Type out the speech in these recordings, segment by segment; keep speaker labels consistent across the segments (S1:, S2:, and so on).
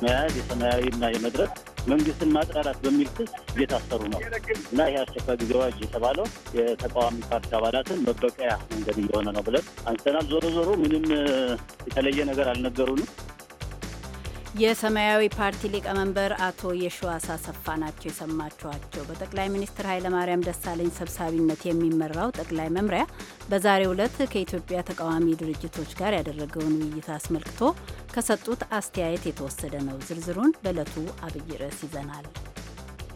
S1: የመያዝ የሰማያዊና የመድረስ መንግስትን ማጥራራት በሚል ክስ እየታሰሩ ነው እና ይህ አስቸኳይ ጊዜ አዋጅ የተባለው የተቃዋሚ ፓርቲ አባላትን መበቀያ መንገድ እየሆነ ነው ብለን አንስተናል። ዞሮ ዞሮ ምንም የተለየ ነገር አልነገሩንም።
S2: የሰማያዊ ፓርቲ ሊቀመንበር አቶ የሸዋስ አሰፋ ናቸው የሰማችኋቸው። በጠቅላይ ሚኒስትር ኃይለማርያም ደሳለኝ ሰብሳቢነት የሚመራው ጠቅላይ መምሪያ በዛሬው ዕለት ከኢትዮጵያ ተቃዋሚ ድርጅቶች ጋር ያደረገውን ውይይት አስመልክቶ ከሰጡት አስተያየት የተወሰደ ነው። ዝርዝሩን በዕለቱ አብይ ርዕስ ይዘናል።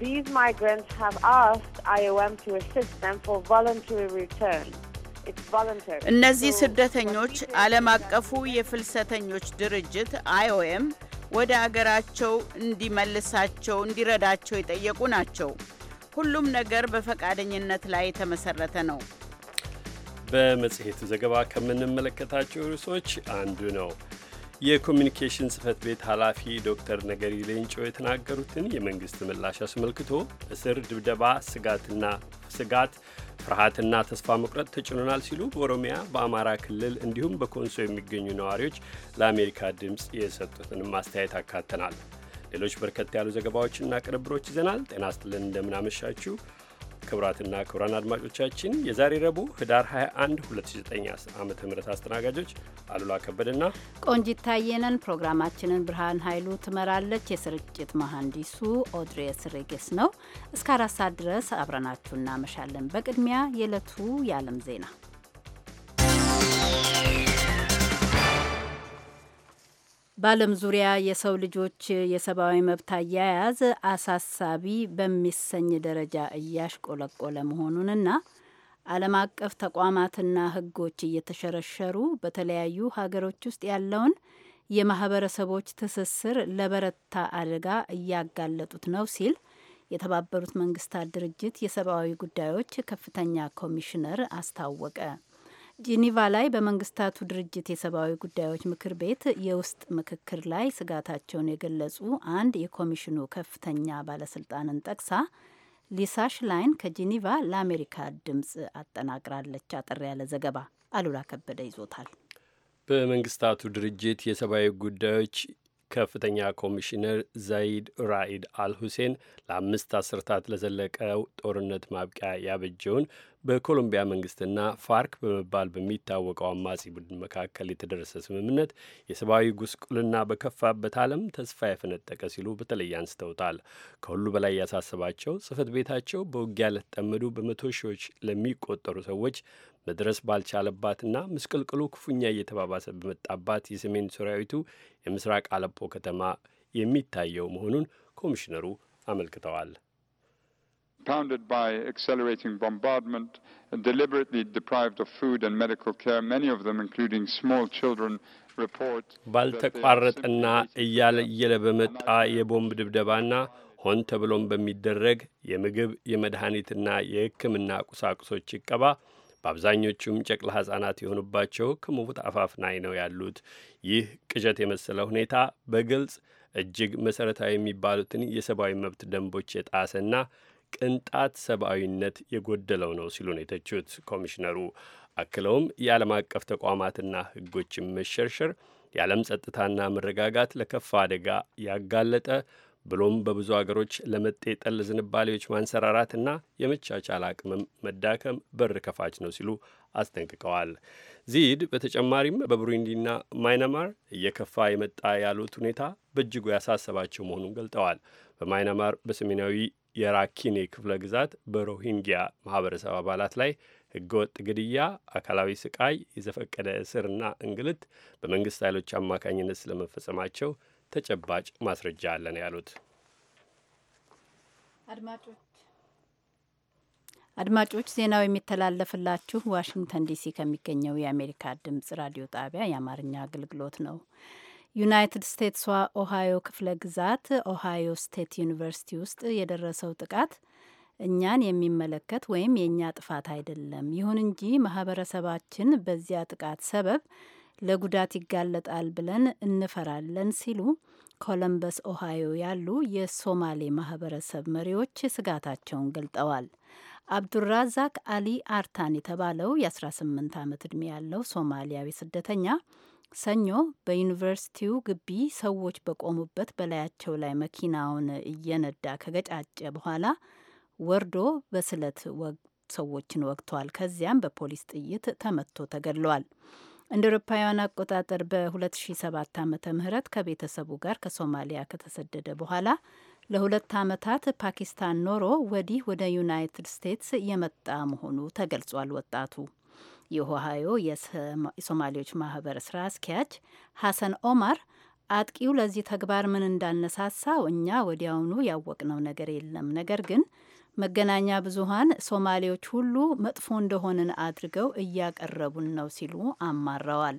S3: These migrants have asked IOM to assist them for voluntary return. እነዚህ
S4: ስደተኞች ዓለም አቀፉ የፍልሰተኞች ድርጅት አይኦኤም ወደ አገራቸው እንዲመልሳቸው እንዲረዳቸው የጠየቁ ናቸው። ሁሉም ነገር በፈቃደኝነት ላይ የተመሰረተ ነው።
S5: በመጽሔቱ ዘገባ ከምንመለከታቸው ርዕሶች አንዱ ነው። የኮሚኒኬሽን ጽህፈት ቤት ኃላፊ ዶክተር ነገሪ ሌንጮ የተናገሩትን የመንግስት ምላሽ አስመልክቶ እስር፣ ድብደባ ስጋትና ስጋት ፍርሃትና ተስፋ መቁረጥ ተጭኖናል ሲሉ በኦሮሚያ በአማራ ክልል እንዲሁም በኮንሶ የሚገኙ ነዋሪዎች ለአሜሪካ ድምፅ የሰጡትን ማስተያየት አካተናል። ሌሎች በርከት ያሉ ዘገባዎችና ቅንብሮች ይዘናል። ጤና ይስጥልን እንደምናመሻችሁ ክቡራትና ክቡራን አድማጮቻችን የዛሬ ረቡዕ ህዳር 21 2009 ዓ ም አስተናጋጆች አሉላ ከበደና
S2: ቆንጂት ታየነን። ፕሮግራማችንን ብርሃን ኃይሉ ትመራለች። የስርጭት መሐንዲሱ ኦድሬስ ሬጌስ ነው። እስከ አራት ሰዓት ድረስ አብረናችሁ እናመሻለን። በቅድሚያ የዕለቱ የዓለም ዜና በዓለም ዙሪያ የሰው ልጆች የሰብአዊ መብት አያያዝ አሳሳቢ በሚሰኝ ደረጃ እያሽቆለቆለ መሆኑንና ዓለም አቀፍ ተቋማትና ሕጎች እየተሸረሸሩ በተለያዩ ሀገሮች ውስጥ ያለውን የማህበረሰቦች ትስስር ለበረታ አደጋ እያጋለጡት ነው ሲል የተባበሩት መንግስታት ድርጅት የሰብአዊ ጉዳዮች ከፍተኛ ኮሚሽነር አስታወቀ። ጂኒቫ ላይ በመንግስታቱ ድርጅት የሰብአዊ ጉዳዮች ምክር ቤት የውስጥ ምክክር ላይ ስጋታቸውን የገለጹ አንድ የኮሚሽኑ ከፍተኛ ባለስልጣንን ጠቅሳ ሊሳ ሽላይን ከጄኔቫ ለአሜሪካ ድምፅ አጠናቅራለች። አጠር ያለ ዘገባ አሉላ ከበደ ይዞታል።
S5: በመንግስታቱ ድርጅት የሰብአዊ ጉዳዮች ከፍተኛ ኮሚሽነር ዘይድ ራኢድ አልሁሴን ለአምስት አስርታት ለዘለቀው ጦርነት ማብቂያ ያበጀውን በኮሎምቢያ መንግስትና ፋርክ በመባል በሚታወቀው አማጺ ቡድን መካከል የተደረሰ ስምምነት የሰብአዊ ጉስቁልና በከፋበት ዓለም ተስፋ የፈነጠቀ ሲሉ በተለይ አንስተውታል። ከሁሉ በላይ ያሳሰባቸው ጽህፈት ቤታቸው በውጊያ ለተጠመዱ በመቶ ሺዎች ለሚቆጠሩ ሰዎች መድረስ ባልቻለባትና ምስቅልቅሉ ክፉኛ እየተባባሰ በመጣባት የሰሜን ሶሪያዊቱ የምስራቅ አለፖ ከተማ የሚታየው መሆኑን ኮሚሽነሩ አመልክተዋል። pounded
S1: by accelerating bombardment, deliberately deprived of food and medical care, many of them, including small children, report. ባልተቋረጠና
S5: እያለየለ በመጣ የቦምብ ድብደባና ሆን ተብሎም በሚደረግ የምግብ የመድኃኒትና የሕክምና ቁሳቁሶች ይቀባ በአብዛኞቹም ጨቅላ ሕፃናት የሆኑባቸው ከሞት አፋፍ ላይ ነው ያሉት። ይህ ቅዠት የመሰለ ሁኔታ በግልጽ እጅግ መሠረታዊ የሚባሉትን የሰብአዊ መብት ደንቦች የጣሰና ቅንጣት ሰብአዊነት የጎደለው ነው ሲሉ ነው የተቹት ኮሚሽነሩ። አክለውም የዓለም አቀፍ ተቋማትና ሕጎችን መሸርሸር የዓለም ጸጥታና መረጋጋት ለከፋ አደጋ ያጋለጠ ብሎም በብዙ አገሮች ለመጤጠል ዝንባሌዎች ማንሰራራትና የመቻቻል አቅምም መዳከም በር ከፋች ነው ሲሉ አስጠንቅቀዋል። ዚድ በተጨማሪም በቡሩንዲና ማይናማር እየከፋ የመጣ ያሉት ሁኔታ በእጅጉ ያሳሰባቸው መሆኑን ገልጠዋል። በማይናማር በሰሜናዊ የራኪኔ ክፍለ ግዛት በሮሂንጊያ ማህበረሰብ አባላት ላይ ህገወጥ ግድያ፣ አካላዊ ስቃይ፣ የዘፈቀደ እስርና እንግልት በመንግስት ኃይሎች አማካኝነት ስለመፈጸማቸው ተጨባጭ ማስረጃ አለን ያሉት።
S2: አድማጮች ዜናው የሚተላለፍላችሁ ዋሽንግተን ዲሲ ከሚገኘው የአሜሪካ ድምጽ ራዲዮ ጣቢያ የአማርኛ አገልግሎት ነው። ዩናይትድ ስቴትስዋ ኦሃዮ ክፍለ ግዛት ኦሃዮ ስቴት ዩኒቨርሲቲ ውስጥ የደረሰው ጥቃት እኛን የሚመለከት ወይም የእኛ ጥፋት አይደለም። ይሁን እንጂ ማህበረሰባችን በዚያ ጥቃት ሰበብ ለጉዳት ይጋለጣል ብለን እንፈራለን ሲሉ ኮለምበስ ኦሃዮ ያሉ የሶማሌ ማህበረሰብ መሪዎች ስጋታቸውን ገልጠዋል። አብዱራዛቅ አሊ አርታን የተባለው የ18 ዓመት ዕድሜ ያለው ሶማሊያዊ ስደተኛ ሰኞ በዩኒቨርሲቲው ግቢ ሰዎች በቆሙበት በላያቸው ላይ መኪናውን እየነዳ ከገጫጨ በኋላ ወርዶ በስለት ሰዎችን ወግቷል። ከዚያም በፖሊስ ጥይት ተመቶ ተገድሏል። እንደ አውሮፓውያን አቆጣጠር በ2007 ዓ ምህረት ከቤተሰቡ ጋር ከሶማሊያ ከተሰደደ በኋላ ለሁለት ዓመታት ፓኪስታን ኖሮ ወዲህ ወደ ዩናይትድ ስቴትስ የመጣ መሆኑ ተገልጿል። ወጣቱ የኦሃዮ የሶማሌዎች ማህበር ስራ አስኪያጅ ሀሰን ኦማር አጥቂው ለዚህ ተግባር ምን እንዳነሳሳው እኛ ወዲያውኑ ያወቅነው ነገር የለም። ነገር ግን መገናኛ ብዙሃን ሶማሌዎች ሁሉ መጥፎ እንደሆንን አድርገው እያቀረቡን ነው ሲሉ አማረዋል።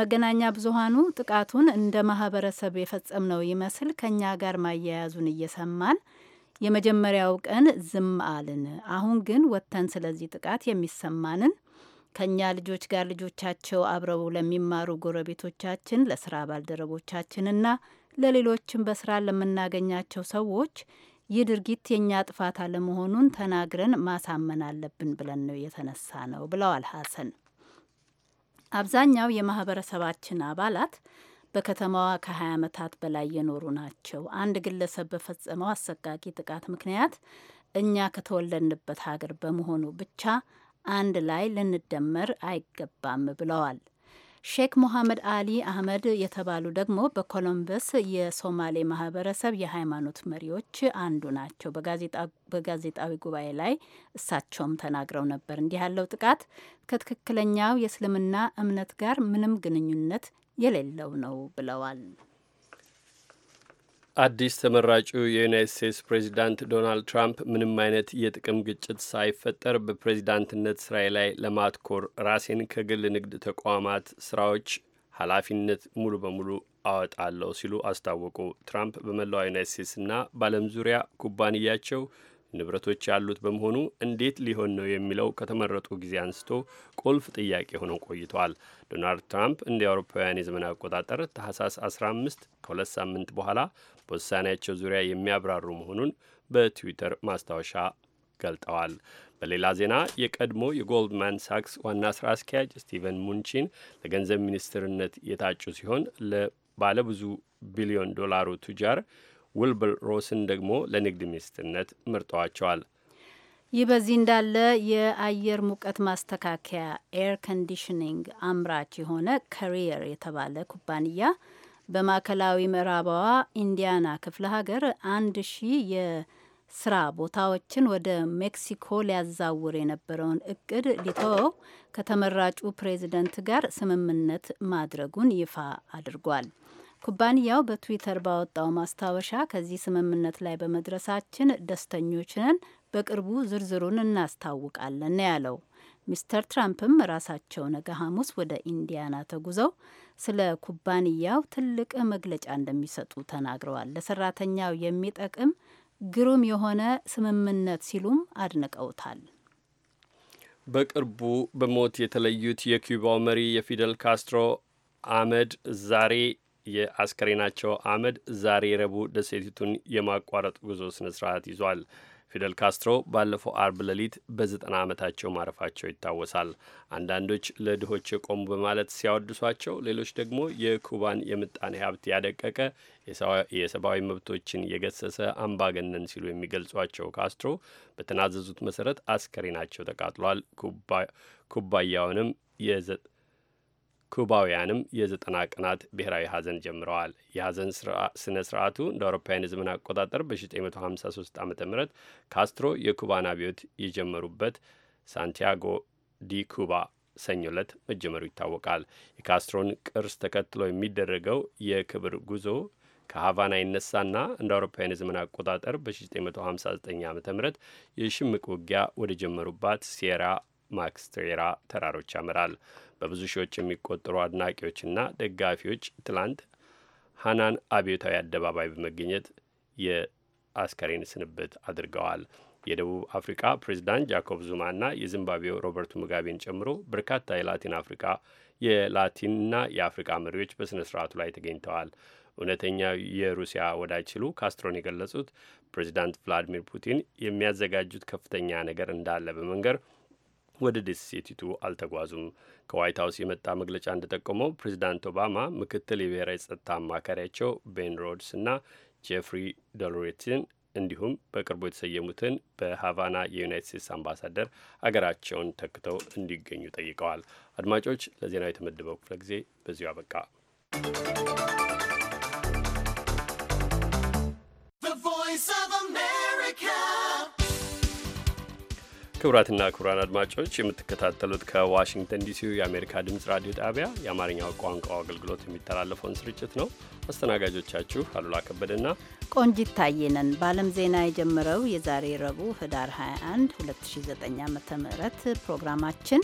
S2: መገናኛ ብዙሃኑ ጥቃቱን እንደ ማህበረሰብ የፈጸምነው ይመስል ከእኛ ጋር ማያያዙን እየሰማን የመጀመሪያው ቀን ዝም አልን። አሁን ግን ወጥተን ስለዚህ ጥቃት የሚሰማንን ከእኛ ልጆች ጋር ልጆቻቸው አብረው ለሚማሩ ጎረቤቶቻችን፣ ለስራ ባልደረቦቻችንና ለሌሎችም በስራ ለምናገኛቸው ሰዎች ይህ ድርጊት የእኛ ጥፋት አለመሆኑን ተናግረን ማሳመን አለብን ብለን ነው የተነሳ ነው ብለዋል ሀሰን። አብዛኛው የማህበረሰባችን አባላት በከተማዋ ከ20 ዓመታት በላይ የኖሩ ናቸው። አንድ ግለሰብ በፈጸመው አሰቃቂ ጥቃት ምክንያት እኛ ከተወለድንበት ሀገር በመሆኑ ብቻ አንድ ላይ ልንደመር አይገባም ብለዋል። ሼክ ሞሐመድ አሊ አህመድ የተባሉ ደግሞ በኮሎምበስ የሶማሌ ማህበረሰብ የሃይማኖት መሪዎች አንዱ ናቸው። በጋዜጣዊ ጉባኤ ላይ እሳቸውም ተናግረው ነበር። እንዲህ ያለው ጥቃት ከትክክለኛው የእስልምና እምነት ጋር ምንም ግንኙነት የሌለው ነው ብለዋል።
S5: አዲስ ተመራጩ የዩናይት ስቴትስ ፕሬዚዳንት ዶናልድ ትራምፕ ምንም አይነት የጥቅም ግጭት ሳይፈጠር በፕሬዚዳንትነት ስራዬ ላይ ለማትኮር ራሴን ከግል ንግድ ተቋማት ስራዎች ኃላፊነት ሙሉ በሙሉ አወጣለሁ ሲሉ አስታወቁ። ትራምፕ በመላው ዩናይት ስቴትስና በዓለም ዙሪያ ኩባንያቸው ንብረቶች ያሉት በመሆኑ እንዴት ሊሆን ነው የሚለው ከተመረጡ ጊዜ አንስቶ ቁልፍ ጥያቄ ሆኖ ቆይተዋል። ዶናልድ ትራምፕ እንደ አውሮፓውያን የዘመን አቆጣጠር ታህሳስ 15 ከሁለት ሳምንት በኋላ በውሳኔያቸው ዙሪያ የሚያብራሩ መሆኑን በትዊተር ማስታወሻ ገልጠዋል። በሌላ ዜና የቀድሞ የጎልድማን ሳክስ ዋና ስራ አስኪያጅ ስቲቨን ሙንቺን ለገንዘብ ሚኒስትርነት የታጩ ሲሆን ለባለብዙ ቢሊዮን ዶላሩ ቱጃር ውልብል ሮስን ደግሞ ለንግድ ሚኒስትርነት መርጠዋቸዋል።
S2: ይህ በዚህ እንዳለ የአየር ሙቀት ማስተካከያ ኤር ኮንዲሽኒንግ አምራች የሆነ ካሪየር የተባለ ኩባንያ በማዕከላዊ ምዕራባዋ ኢንዲያና ክፍለ ሀገር አንድ ሺህ የስራ ቦታዎችን ወደ ሜክሲኮ ሊያዛውር የነበረውን እቅድ ሊተወው ከተመራጩ ፕሬዚደንት ጋር ስምምነት ማድረጉን ይፋ አድርጓል። ኩባንያው በትዊተር ባወጣው ማስታወሻ ከዚህ ስምምነት ላይ በመድረሳችን ደስተኞች ነን፣ በቅርቡ ዝርዝሩን እናስታውቃለን ያለው ሚስተር ትራምፕም ራሳቸው ነገ ሐሙስ ወደ ኢንዲያና ተጉዘው ስለ ኩባንያው ትልቅ መግለጫ እንደሚሰጡ ተናግረዋል። ለሰራተኛው የሚጠቅም ግሩም የሆነ ስምምነት ሲሉም አድንቀውታል።
S5: በቅርቡ በሞት የተለዩት የኩባው መሪ የፊደል ካስትሮ አመድ ዛሬ የአስከሬናቸው አመድ ዛሬ ረቡዕ ደሴቲቱን የማቋረጥ ጉዞ ስነ ስርዓት ይዟል። ፊደል ካስትሮ ባለፈው አርብ ሌሊት በዘጠና ዓመታቸው ማረፋቸው ይታወሳል። አንዳንዶች ለድሆች የቆሙ በማለት ሲያወድሷቸው፣ ሌሎች ደግሞ የኩባን የምጣኔ ሀብት ያደቀቀ የሰብአዊ መብቶችን የገሰሰ አምባገነን ሲሉ የሚገልጿቸው ካስትሮ በተናዘዙት መሰረት አስከሬናቸው ተቃጥሏል። ኩባያውንም ኩባውያንም የዘጠና ቀናት ብሔራዊ ሀዘን ጀምረዋል። የሀዘን ስነ ስርዓቱ እንደ አውሮፓውያን ዘመን አቆጣጠር በ1953 ዓ ም ካስትሮ የኩባን አብዮት የጀመሩበት ሳንቲያጎ ዲ ኩባ ሰኞ ዕለት መጀመሩ ይታወቃል። የካስትሮን ቅርስ ተከትሎ የሚደረገው የክብር ጉዞ ከሀቫና ይነሳና እንደ አውሮፓውያን የዘመን አቆጣጠር በ1959 ዓ ም የሽምቅ ውጊያ ወደ ጀመሩባት ሴራ ማክስትሬራ ተራሮች ያመራል። በብዙ ሺዎች የሚቆጠሩ አድናቂዎችና ደጋፊዎች ትላንት ሀናን አብዮታዊ አደባባይ በመገኘት የአስከሬን ስንብት አድርገዋል። የደቡብ አፍሪካ ፕሬዚዳንት ጃኮብ ዙማና የዚምባብዌው ሮበርት ሙጋቤን ጨምሮ በርካታ የላቲን አፍሪካ የላቲንና የአፍሪካ መሪዎች በሥነ ስርዓቱ ላይ ተገኝተዋል። እውነተኛ የሩሲያ ወዳጅ ሲሉ ካስትሮን የገለጹት ፕሬዚዳንት ቭላዲሚር ፑቲን የሚያዘጋጁት ከፍተኛ ነገር እንዳለ በመንገር ወደ ደሴቲቱ አልተጓዙም። ከዋይት ሀውስ የመጣ መግለጫ እንደጠቆመው ፕሬዚዳንት ኦባማ ምክትል የብሔራዊ ጸጥታ አማካሪያቸው ቤን ሮድስ እና ጄፍሪ ደሎሬትን እንዲሁም በቅርቡ የተሰየሙትን በሀቫና የዩናይት ስቴትስ አምባሳደር አገራቸውን ተክተው እንዲገኙ ጠይቀዋል። አድማጮች፣ ለዜናው የተመደበው ክፍለ ጊዜ በዚሁ አበቃ። ክቡራትና ክቡራን አድማጮች የምትከታተሉት ከዋሽንግተን ዲሲ የአሜሪካ ድምፅ ራዲዮ ጣቢያ የአማርኛው ቋንቋ አገልግሎት የሚተላለፈውን ስርጭት ነው። አስተናጋጆቻችሁ አሉላ ከበደና
S2: ቆንጂት ታየነን በዓለም ዜና የጀመረው የዛሬ ረቡዕ ህዳር 21 2009 ዓ ም ፕሮግራማችን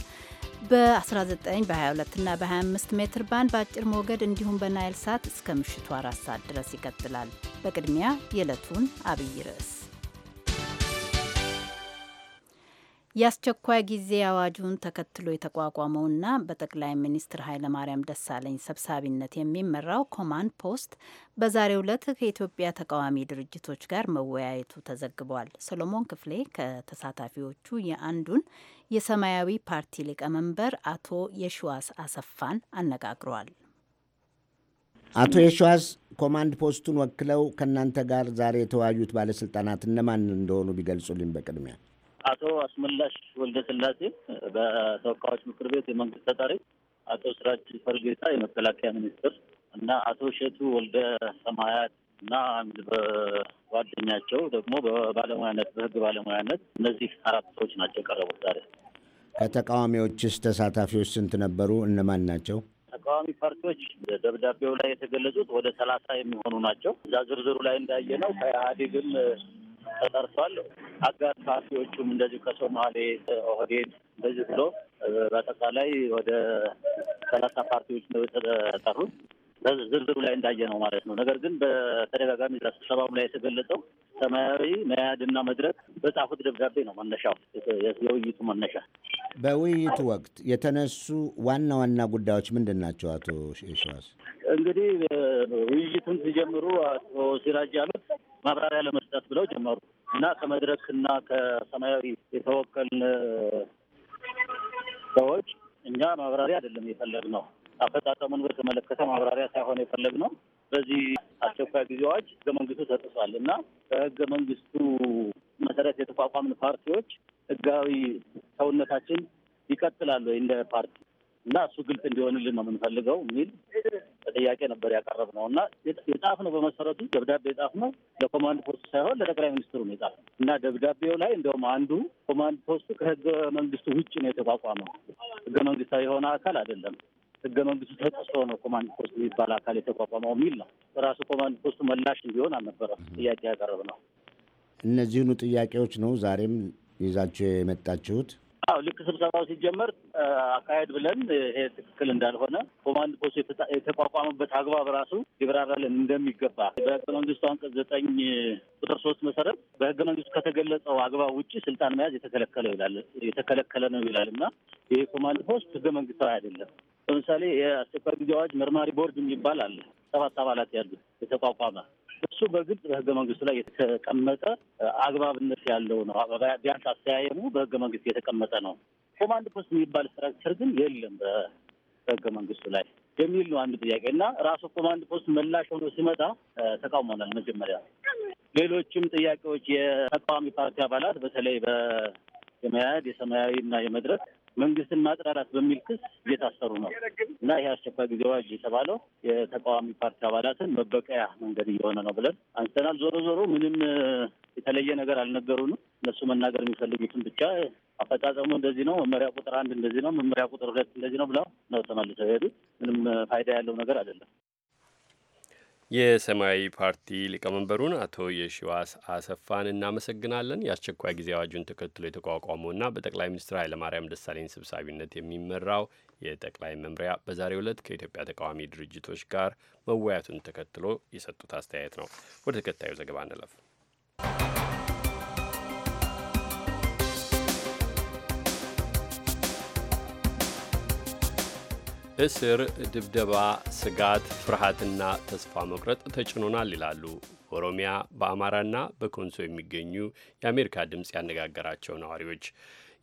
S2: በ19 በ22ና በ25 ሜትር ባንድ በአጭር ሞገድ እንዲሁም በናይል ሳት እስከ ምሽቱ አራት ሰዓት ድረስ ይቀጥላል። በቅድሚያ የዕለቱን አብይ ርዕስ የአስቸኳይ ጊዜ አዋጁን ተከትሎ የተቋቋመውና በጠቅላይ ሚኒስትር ኃይለማርያም ደሳለኝ ሰብሳቢነት የሚመራው ኮማንድ ፖስት በዛሬው ዕለት ከኢትዮጵያ ተቃዋሚ ድርጅቶች ጋር መወያየቱ ተዘግቧል። ሰሎሞን ክፍሌ ከተሳታፊዎቹ የአንዱን የሰማያዊ ፓርቲ ሊቀመንበር አቶ የሽዋስ አሰፋን አነጋግሯል።
S6: አቶ የሸዋስ ኮማንድ ፖስቱን ወክለው ከእናንተ ጋር ዛሬ የተወያዩት ባለስልጣናት እነማን እንደሆኑ ቢገልጹልኝ በቅድሚያ
S1: አቶ አስመላሽ ወልደ ስላሴ በተወካዮች ምክር ቤት የመንግስት ተጠሪ፣ አቶ ስራጅ ፈርጌታ የመከላከያ ሚኒስትር እና አቶ ሸቱ ወልደ ሰማያት እና አንድ በጓደኛቸው ደግሞ በባለሙያነት በህግ ባለሙያነት እነዚህ አራት ሰዎች ናቸው የቀረቡት ዛሬ።
S6: ከተቃዋሚዎችስ ተሳታፊዎች ስንት ነበሩ? እነማን ናቸው?
S1: ተቃዋሚ ፓርቲዎች ደብዳቤው ላይ የተገለጹት ወደ ሰላሳ የሚሆኑ ናቸው። እዛ ዝርዝሩ ላይ እንዳየ ነው ከኢህአዴግም ተጠርቷል። ፓርቲዎቹም እንደዚሁ ከሶማሌ ኦህዴድ እንደዚህ ብሎ በአጠቃላይ ወደ ሰላሳ ፓርቲዎች ነው የተጠሩት። ዝርዝሩ ላይ እንዳየ ነው ማለት ነው። ነገር ግን በተደጋጋሚ ስብሰባው ላይ የተገለጸው ሰማያዊ መያድና መድረክ በጻፉት ደብዳቤ ነው መነሻው የውይይቱ መነሻ።
S6: በውይይቱ ወቅት የተነሱ ዋና ዋና ጉዳዮች ምንድን ናቸው? አቶ ሸዋስ
S1: እንግዲህ ውይይቱን ሲጀምሩ አቶ ሲራጅ ያሉት ማብራሪያ ለመስጠት ብለው ጀመሩ እና ከመድረክ እና ከሰማያዊ የተወከልን ሰዎች እኛ ማብራሪያ አይደለም የፈለግነው አፈጻጸሙን በተመለከተ ማብራሪያ ሳይሆን የፈለግነው በዚህ አስቸኳይ ጊዜ አዋጅ ህገ መንግስቱ ተጥሷል እና በህገ መንግስቱ መሰረት የተቋቋምን ፓርቲዎች ህጋዊ ሰውነታችን ይቀጥላሉ ወይ እንደ ፓርቲ እና እሱ ግልጽ እንዲሆንልን ነው የምንፈልገው የሚል ጥያቄ ነበር ያቀረብ ነው እና የጻፍ ነው በመሰረቱ ደብዳቤ የጻፍ ነው ለኮማንድ ፖስቱ ሳይሆን ለጠቅላይ ሚኒስትሩ ነው የጻፍ ነው እና ደብዳቤው ላይ እንደውም አንዱ ኮማንድ ፖስቱ ከህገ መንግስቱ ውጭ ነው የተቋቋመው፣ ህገ መንግስታዊ የሆነ አካል አይደለም ህገ መንግስቱ ተጥሶ ነው ኮማንድ ፖስት የሚባል አካል የተቋቋመው የሚል ነው። በራሱ ኮማንድ ፖስቱ መላሽ እንዲሆን አልነበረም ጥያቄ ያቀረብ ነው።
S6: እነዚህኑ ጥያቄዎች ነው ዛሬም ይዛቸው የመጣችሁት?
S1: አዎ ልክ ስብሰባው ሲጀመር አካሄድ ብለን ይሄ ትክክል እንዳልሆነ ኮማንድ ፖስት የተቋቋመበት አግባብ ራሱ ሊብራራልን እንደሚገባ በህገ መንግስቱ አንቀጽ ዘጠኝ ቁጥር ሶስት መሰረት በህገ መንግስቱ ከተገለጸው አግባብ ውጭ ስልጣን መያዝ የተከለከለ ይላል የተከለከለ ነው ይላል እና ይህ ኮማንድ ፖስት ህገ መንግስታዊ አይደለም። ለምሳሌ የአስቸኳይ ጊዜ አዋጅ መርማሪ ቦርድ የሚባል አለ። ሰባት አባላት ያሉት የተቋቋመ እሱ በግልጽ በህገ መንግስቱ ላይ የተቀመጠ አግባብነት ያለው ነው። ቢያንስ አስተያየሙ በህገ መንግስት የተቀመጠ ነው። ኮማንድ ፖስት የሚባል ስትራክቸር ግን የለም በህገ መንግስቱ ላይ የሚል ነው አንድ ጥያቄ እና ራሱ ኮማንድ ፖስት ምላሽ ሆኖ ሲመጣ ተቃውሞናል። መጀመሪያ ሌሎችም ጥያቄዎች የተቃዋሚ ፓርቲ አባላት በተለይ በመያድ የሰማያዊ እና የመድረክ መንግስትን ማጥራራት በሚል ክስ እየታሰሩ ነው እና ይህ አስቸኳይ ጊዜ አዋጅ የተባለው የተቃዋሚ ፓርቲ አባላትን መበቀያ መንገድ እየሆነ ነው ብለን አንስተናል። ዞሮ ዞሮ ምንም የተለየ ነገር አልነገሩንም። እነሱ መናገር የሚፈልጉትን ብቻ አፈጻጸሙ እንደዚህ ነው፣ መመሪያ ቁጥር አንድ እንደዚህ ነው፣ መመሪያ ቁጥር ሁለት እንደዚህ ነው ብለው ነው ተመልሰው የሄዱት። ምንም ፋይዳ ያለው ነገር አይደለም።
S5: የሰማያዊ ፓርቲ ሊቀመንበሩን አቶ የሺዋስ አሰፋን እናመሰግናለን። የአስቸኳይ ጊዜ አዋጁን ተከትሎ የተቋቋመውና በጠቅላይ ሚኒስትር ኃይለማርያም ደሳለኝ ሰብሳቢነት የሚመራው የጠቅላይ መምሪያ በዛሬው ዕለት ከኢትዮጵያ ተቃዋሚ ድርጅቶች ጋር መወያቱን ተከትሎ የሰጡት አስተያየት ነው። ወደ ተከታዩ ዘገባ እንለፍ። እስር፣ ድብደባ፣ ስጋት፣ ፍርሃትና ተስፋ መቁረጥ ተጭኖናል ይላሉ በኦሮሚያ በአማራና በኮንሶ የሚገኙ የአሜሪካ ድምፅ ያነጋገራቸው ነዋሪዎች።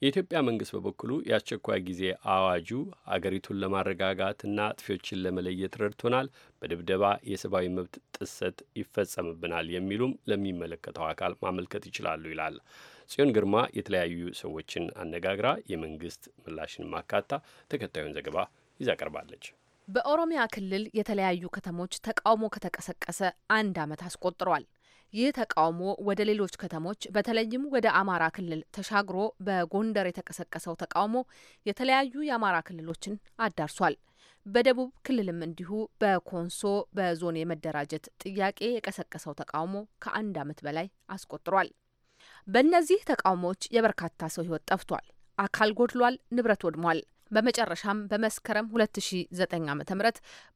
S5: የኢትዮጵያ መንግስት በበኩሉ የአስቸኳይ ጊዜ አዋጁ አገሪቱን ለማረጋጋትና አጥፊዎችን ለመለየት ረድቶናል፣ በድብደባ የሰብአዊ መብት ጥሰት ይፈጸምብናል የሚሉም ለሚመለከተው አካል ማመልከት ይችላሉ ይላል። ጽዮን ግርማ የተለያዩ ሰዎችን አነጋግራ የመንግስት ምላሽን ማካታ ተከታዩን ዘገባ ይዛ ቀርባለች።
S7: በኦሮሚያ ክልል የተለያዩ ከተሞች ተቃውሞ ከተቀሰቀሰ አንድ ዓመት አስቆጥሯል። ይህ ተቃውሞ ወደ ሌሎች ከተሞች በተለይም ወደ አማራ ክልል ተሻግሮ በጎንደር የተቀሰቀሰው ተቃውሞ የተለያዩ የአማራ ክልሎችን አዳርሷል። በደቡብ ክልልም እንዲሁ በኮንሶ በዞን የመደራጀት ጥያቄ የቀሰቀሰው ተቃውሞ ከአንድ ዓመት በላይ አስቆጥሯል። በእነዚህ ተቃውሞዎች የበርካታ ሰው ሕይወት ጠፍቷል፣ አካል ጎድሏል፣ ንብረት ወድሟል። በመጨረሻም በመስከረም 2009 ዓ.ም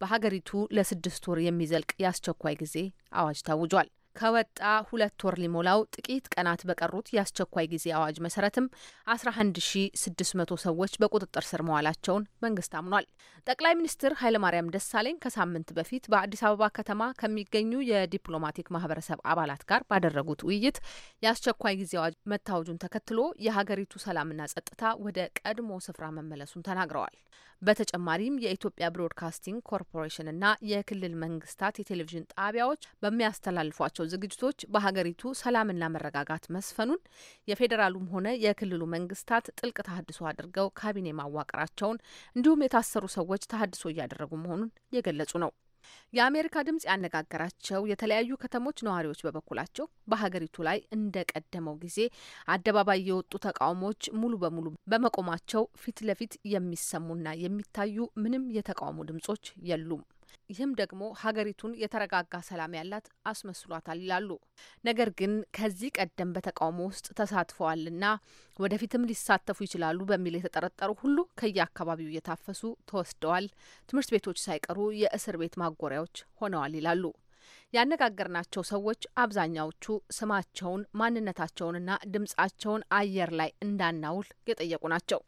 S7: በሀገሪቱ ለስድስት ወር የሚዘልቅ የአስቸኳይ ጊዜ አዋጅ ታውጇል። ከወጣ ሁለት ወር ሊሞላው ጥቂት ቀናት በቀሩት የአስቸኳይ ጊዜ አዋጅ መሰረትም 11600 ሰዎች በቁጥጥር ስር መዋላቸውን መንግስት አምኗል። ጠቅላይ ሚኒስትር ኃይለማርያም ደሳለኝ ከሳምንት በፊት በአዲስ አበባ ከተማ ከሚገኙ የዲፕሎማቲክ ማህበረሰብ አባላት ጋር ባደረጉት ውይይት የአስቸኳይ ጊዜ አዋጅ መታወጁን ተከትሎ የሀገሪቱ ሰላምና ጸጥታ ወደ ቀድሞ ስፍራ መመለሱን ተናግረዋል። በተጨማሪም የኢትዮጵያ ብሮድካስቲንግ ኮርፖሬሽንና የክልል መንግስታት የቴሌቪዥን ጣቢያዎች በሚያስተላልፏቸው ዝግጅቶች በሀገሪቱ ሰላምና መረጋጋት መስፈኑን የፌዴራሉም ሆነ የክልሉ መንግስታት ጥልቅ ተሀድሶ አድርገው ካቢኔ ማዋቀራቸውን እንዲሁም የታሰሩ ሰዎች ተሀድሶ እያደረጉ መሆኑን የገለጹ ነው። የአሜሪካ ድምጽ ያነጋገራቸው የተለያዩ ከተሞች ነዋሪዎች በበኩላቸው በሀገሪቱ ላይ እንደ ቀደመው ጊዜ አደባባይ የወጡ ተቃውሞዎች ሙሉ በሙሉ በመቆማቸው ፊት ለፊት የሚሰሙና የሚታዩ ምንም የተቃውሞ ድምጾች የሉም። ይህም ደግሞ ሀገሪቱን የተረጋጋ ሰላም ያላት አስመስሏታል ይላሉ። ነገር ግን ከዚህ ቀደም በተቃውሞ ውስጥ ተሳትፈዋልና ወደፊትም ሊሳተፉ ይችላሉ በሚል የተጠረጠሩ ሁሉ ከየአካባቢው እየታፈሱ ተወስደዋል። ትምህርት ቤቶች ሳይቀሩ የእስር ቤት ማጎሪያዎች ሆነዋል ይላሉ። ያነጋገርናቸው ሰዎች አብዛኛዎቹ ስማቸውን ማንነታቸውንና ድምጻቸውን አየር ላይ እንዳናውል የጠየቁ ናቸው።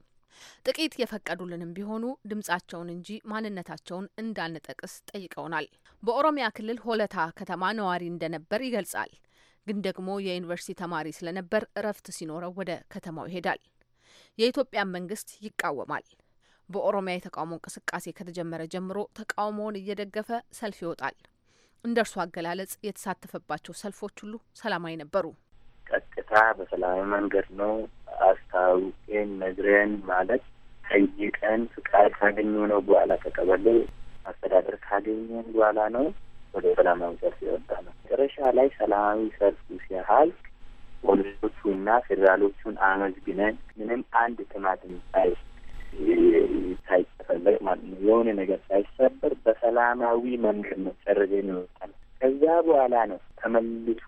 S7: ጥቂት የፈቀዱልንም ቢሆኑ ድምጻቸውን እንጂ ማንነታቸውን እንዳንጠቅስ ጠይቀውናል። በኦሮሚያ ክልል ሆለታ ከተማ ነዋሪ እንደነበር ይገልጻል። ግን ደግሞ የዩኒቨርሲቲ ተማሪ ስለነበር እረፍት ሲኖረው ወደ ከተማው ይሄዳል። የኢትዮጵያን መንግስት ይቃወማል። በኦሮሚያ የተቃውሞ እንቅስቃሴ ከተጀመረ ጀምሮ ተቃውሞውን እየደገፈ ሰልፍ ይወጣል። እንደ እርሱ አገላለጽ የተሳተፈባቸው ሰልፎች ሁሉ ሰላማዊ ነበሩ።
S8: ቀጥታ በሰላማዊ መንገድ ነው አስታውቄን ነግረን ማለት ጠይቀን ፍቃድ ካገኙ ነው በኋላ ከቀበሌ አስተዳደር ካገኘን በኋላ ነው ወደ ሰላማዊ ሰልፍ የወጣ ነው። መጨረሻ ላይ ሰላማዊ ሰልፉ ሲያህል ፖሊሶቹና ፌዴራሎቹን አመዝግነን ምንም አንድ ትማትም ሳይ ሳይጨፈለቅ ማለት ነው የሆነ ነገር ሳይሰበር በሰላማዊ መንገድ ነው ነው የወጣ ነው። ከዛ በኋላ ነው ተመልሶ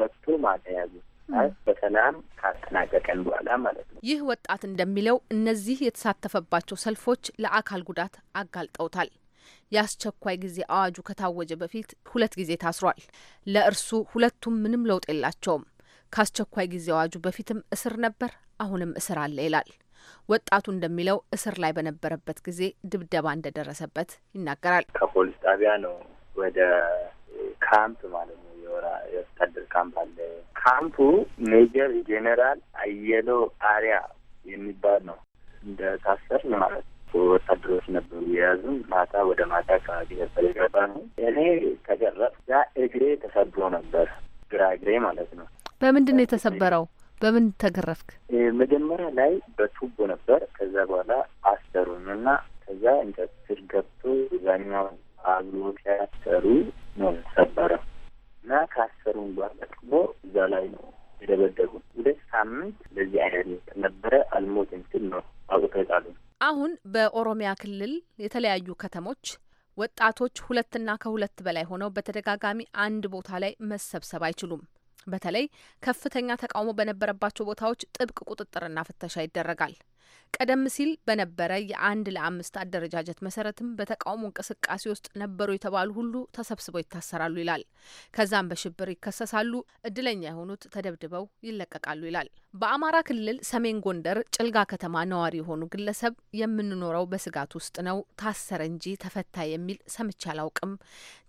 S8: መጥቶ ማተያዙ በሰላም ካጠናቀቀን በኋላ ማለት
S7: ነው። ይህ ወጣት እንደሚለው እነዚህ የተሳተፈባቸው ሰልፎች ለአካል ጉዳት አጋልጠውታል። የአስቸኳይ ጊዜ አዋጁ ከታወጀ በፊት ሁለት ጊዜ ታስሯል። ለእርሱ ሁለቱም ምንም ለውጥ የላቸውም። ከአስቸኳይ ጊዜ አዋጁ በፊትም እስር ነበር፣ አሁንም እስር አለ ይላል። ወጣቱ እንደሚለው እስር ላይ በነበረበት ጊዜ ድብደባ እንደደረሰበት ይናገራል።
S8: ከፖሊስ ጣቢያ ነው ወደ ካምፕ ማለት ነው የወታደር ካምፕ አለ። ካምፑ ሜጀር ጄኔራል አየሎ አሪያ የሚባል ነው። እንደ ታሰር ማለት ወታደሮች ነበሩ የያዙም። ማታ ወደ ማታ አካባቢ ነበር የገባ ነው። እኔ ተገረፍ ዛ እግሬ ተሰብሮ ነበር፣ ግራ እግሬ ማለት ነው።
S7: በምንድን ነው የተሰበረው? በምን ተገረፍክ?
S8: መጀመሪያ ላይ በቱቦ ነበር። ከዛ በኋላ አሰሩኝ እና ከዛ እንጨት ስር ገብቶ እዛኛው አብሮ ሲያሰሩ ነው ሰበረው። እና ከአሰሩን ጋር ጠቅሞ እዛ ላይ ነው የደበደቡ። ሁለት ሳምንት በዚህ አይነት ነበረ። አልሞት ምስል ነው አቁተጣሉ።
S7: አሁን በኦሮሚያ ክልል የተለያዩ ከተሞች ወጣቶች ሁለትና ከሁለት በላይ ሆነው በተደጋጋሚ አንድ ቦታ ላይ መሰብሰብ አይችሉም። በተለይ ከፍተኛ ተቃውሞ በነበረባቸው ቦታዎች ጥብቅ ቁጥጥርና ፍተሻ ይደረጋል። ቀደም ሲል በነበረ የአንድ ለአምስት አደረጃጀት መሰረትም በተቃውሞ እንቅስቃሴ ውስጥ ነበሩ የተባሉ ሁሉ ተሰብስበው ይታሰራሉ ይላል። ከዛም በሽብር ይከሰሳሉ፣ እድለኛ የሆኑት ተደብድበው ይለቀቃሉ ይላል። በአማራ ክልል ሰሜን ጎንደር ጭልጋ ከተማ ነዋሪ የሆኑ ግለሰብ የምንኖረው በስጋት ውስጥ ነው፣ ታሰረ እንጂ ተፈታ የሚል ሰምቼ አላውቅም።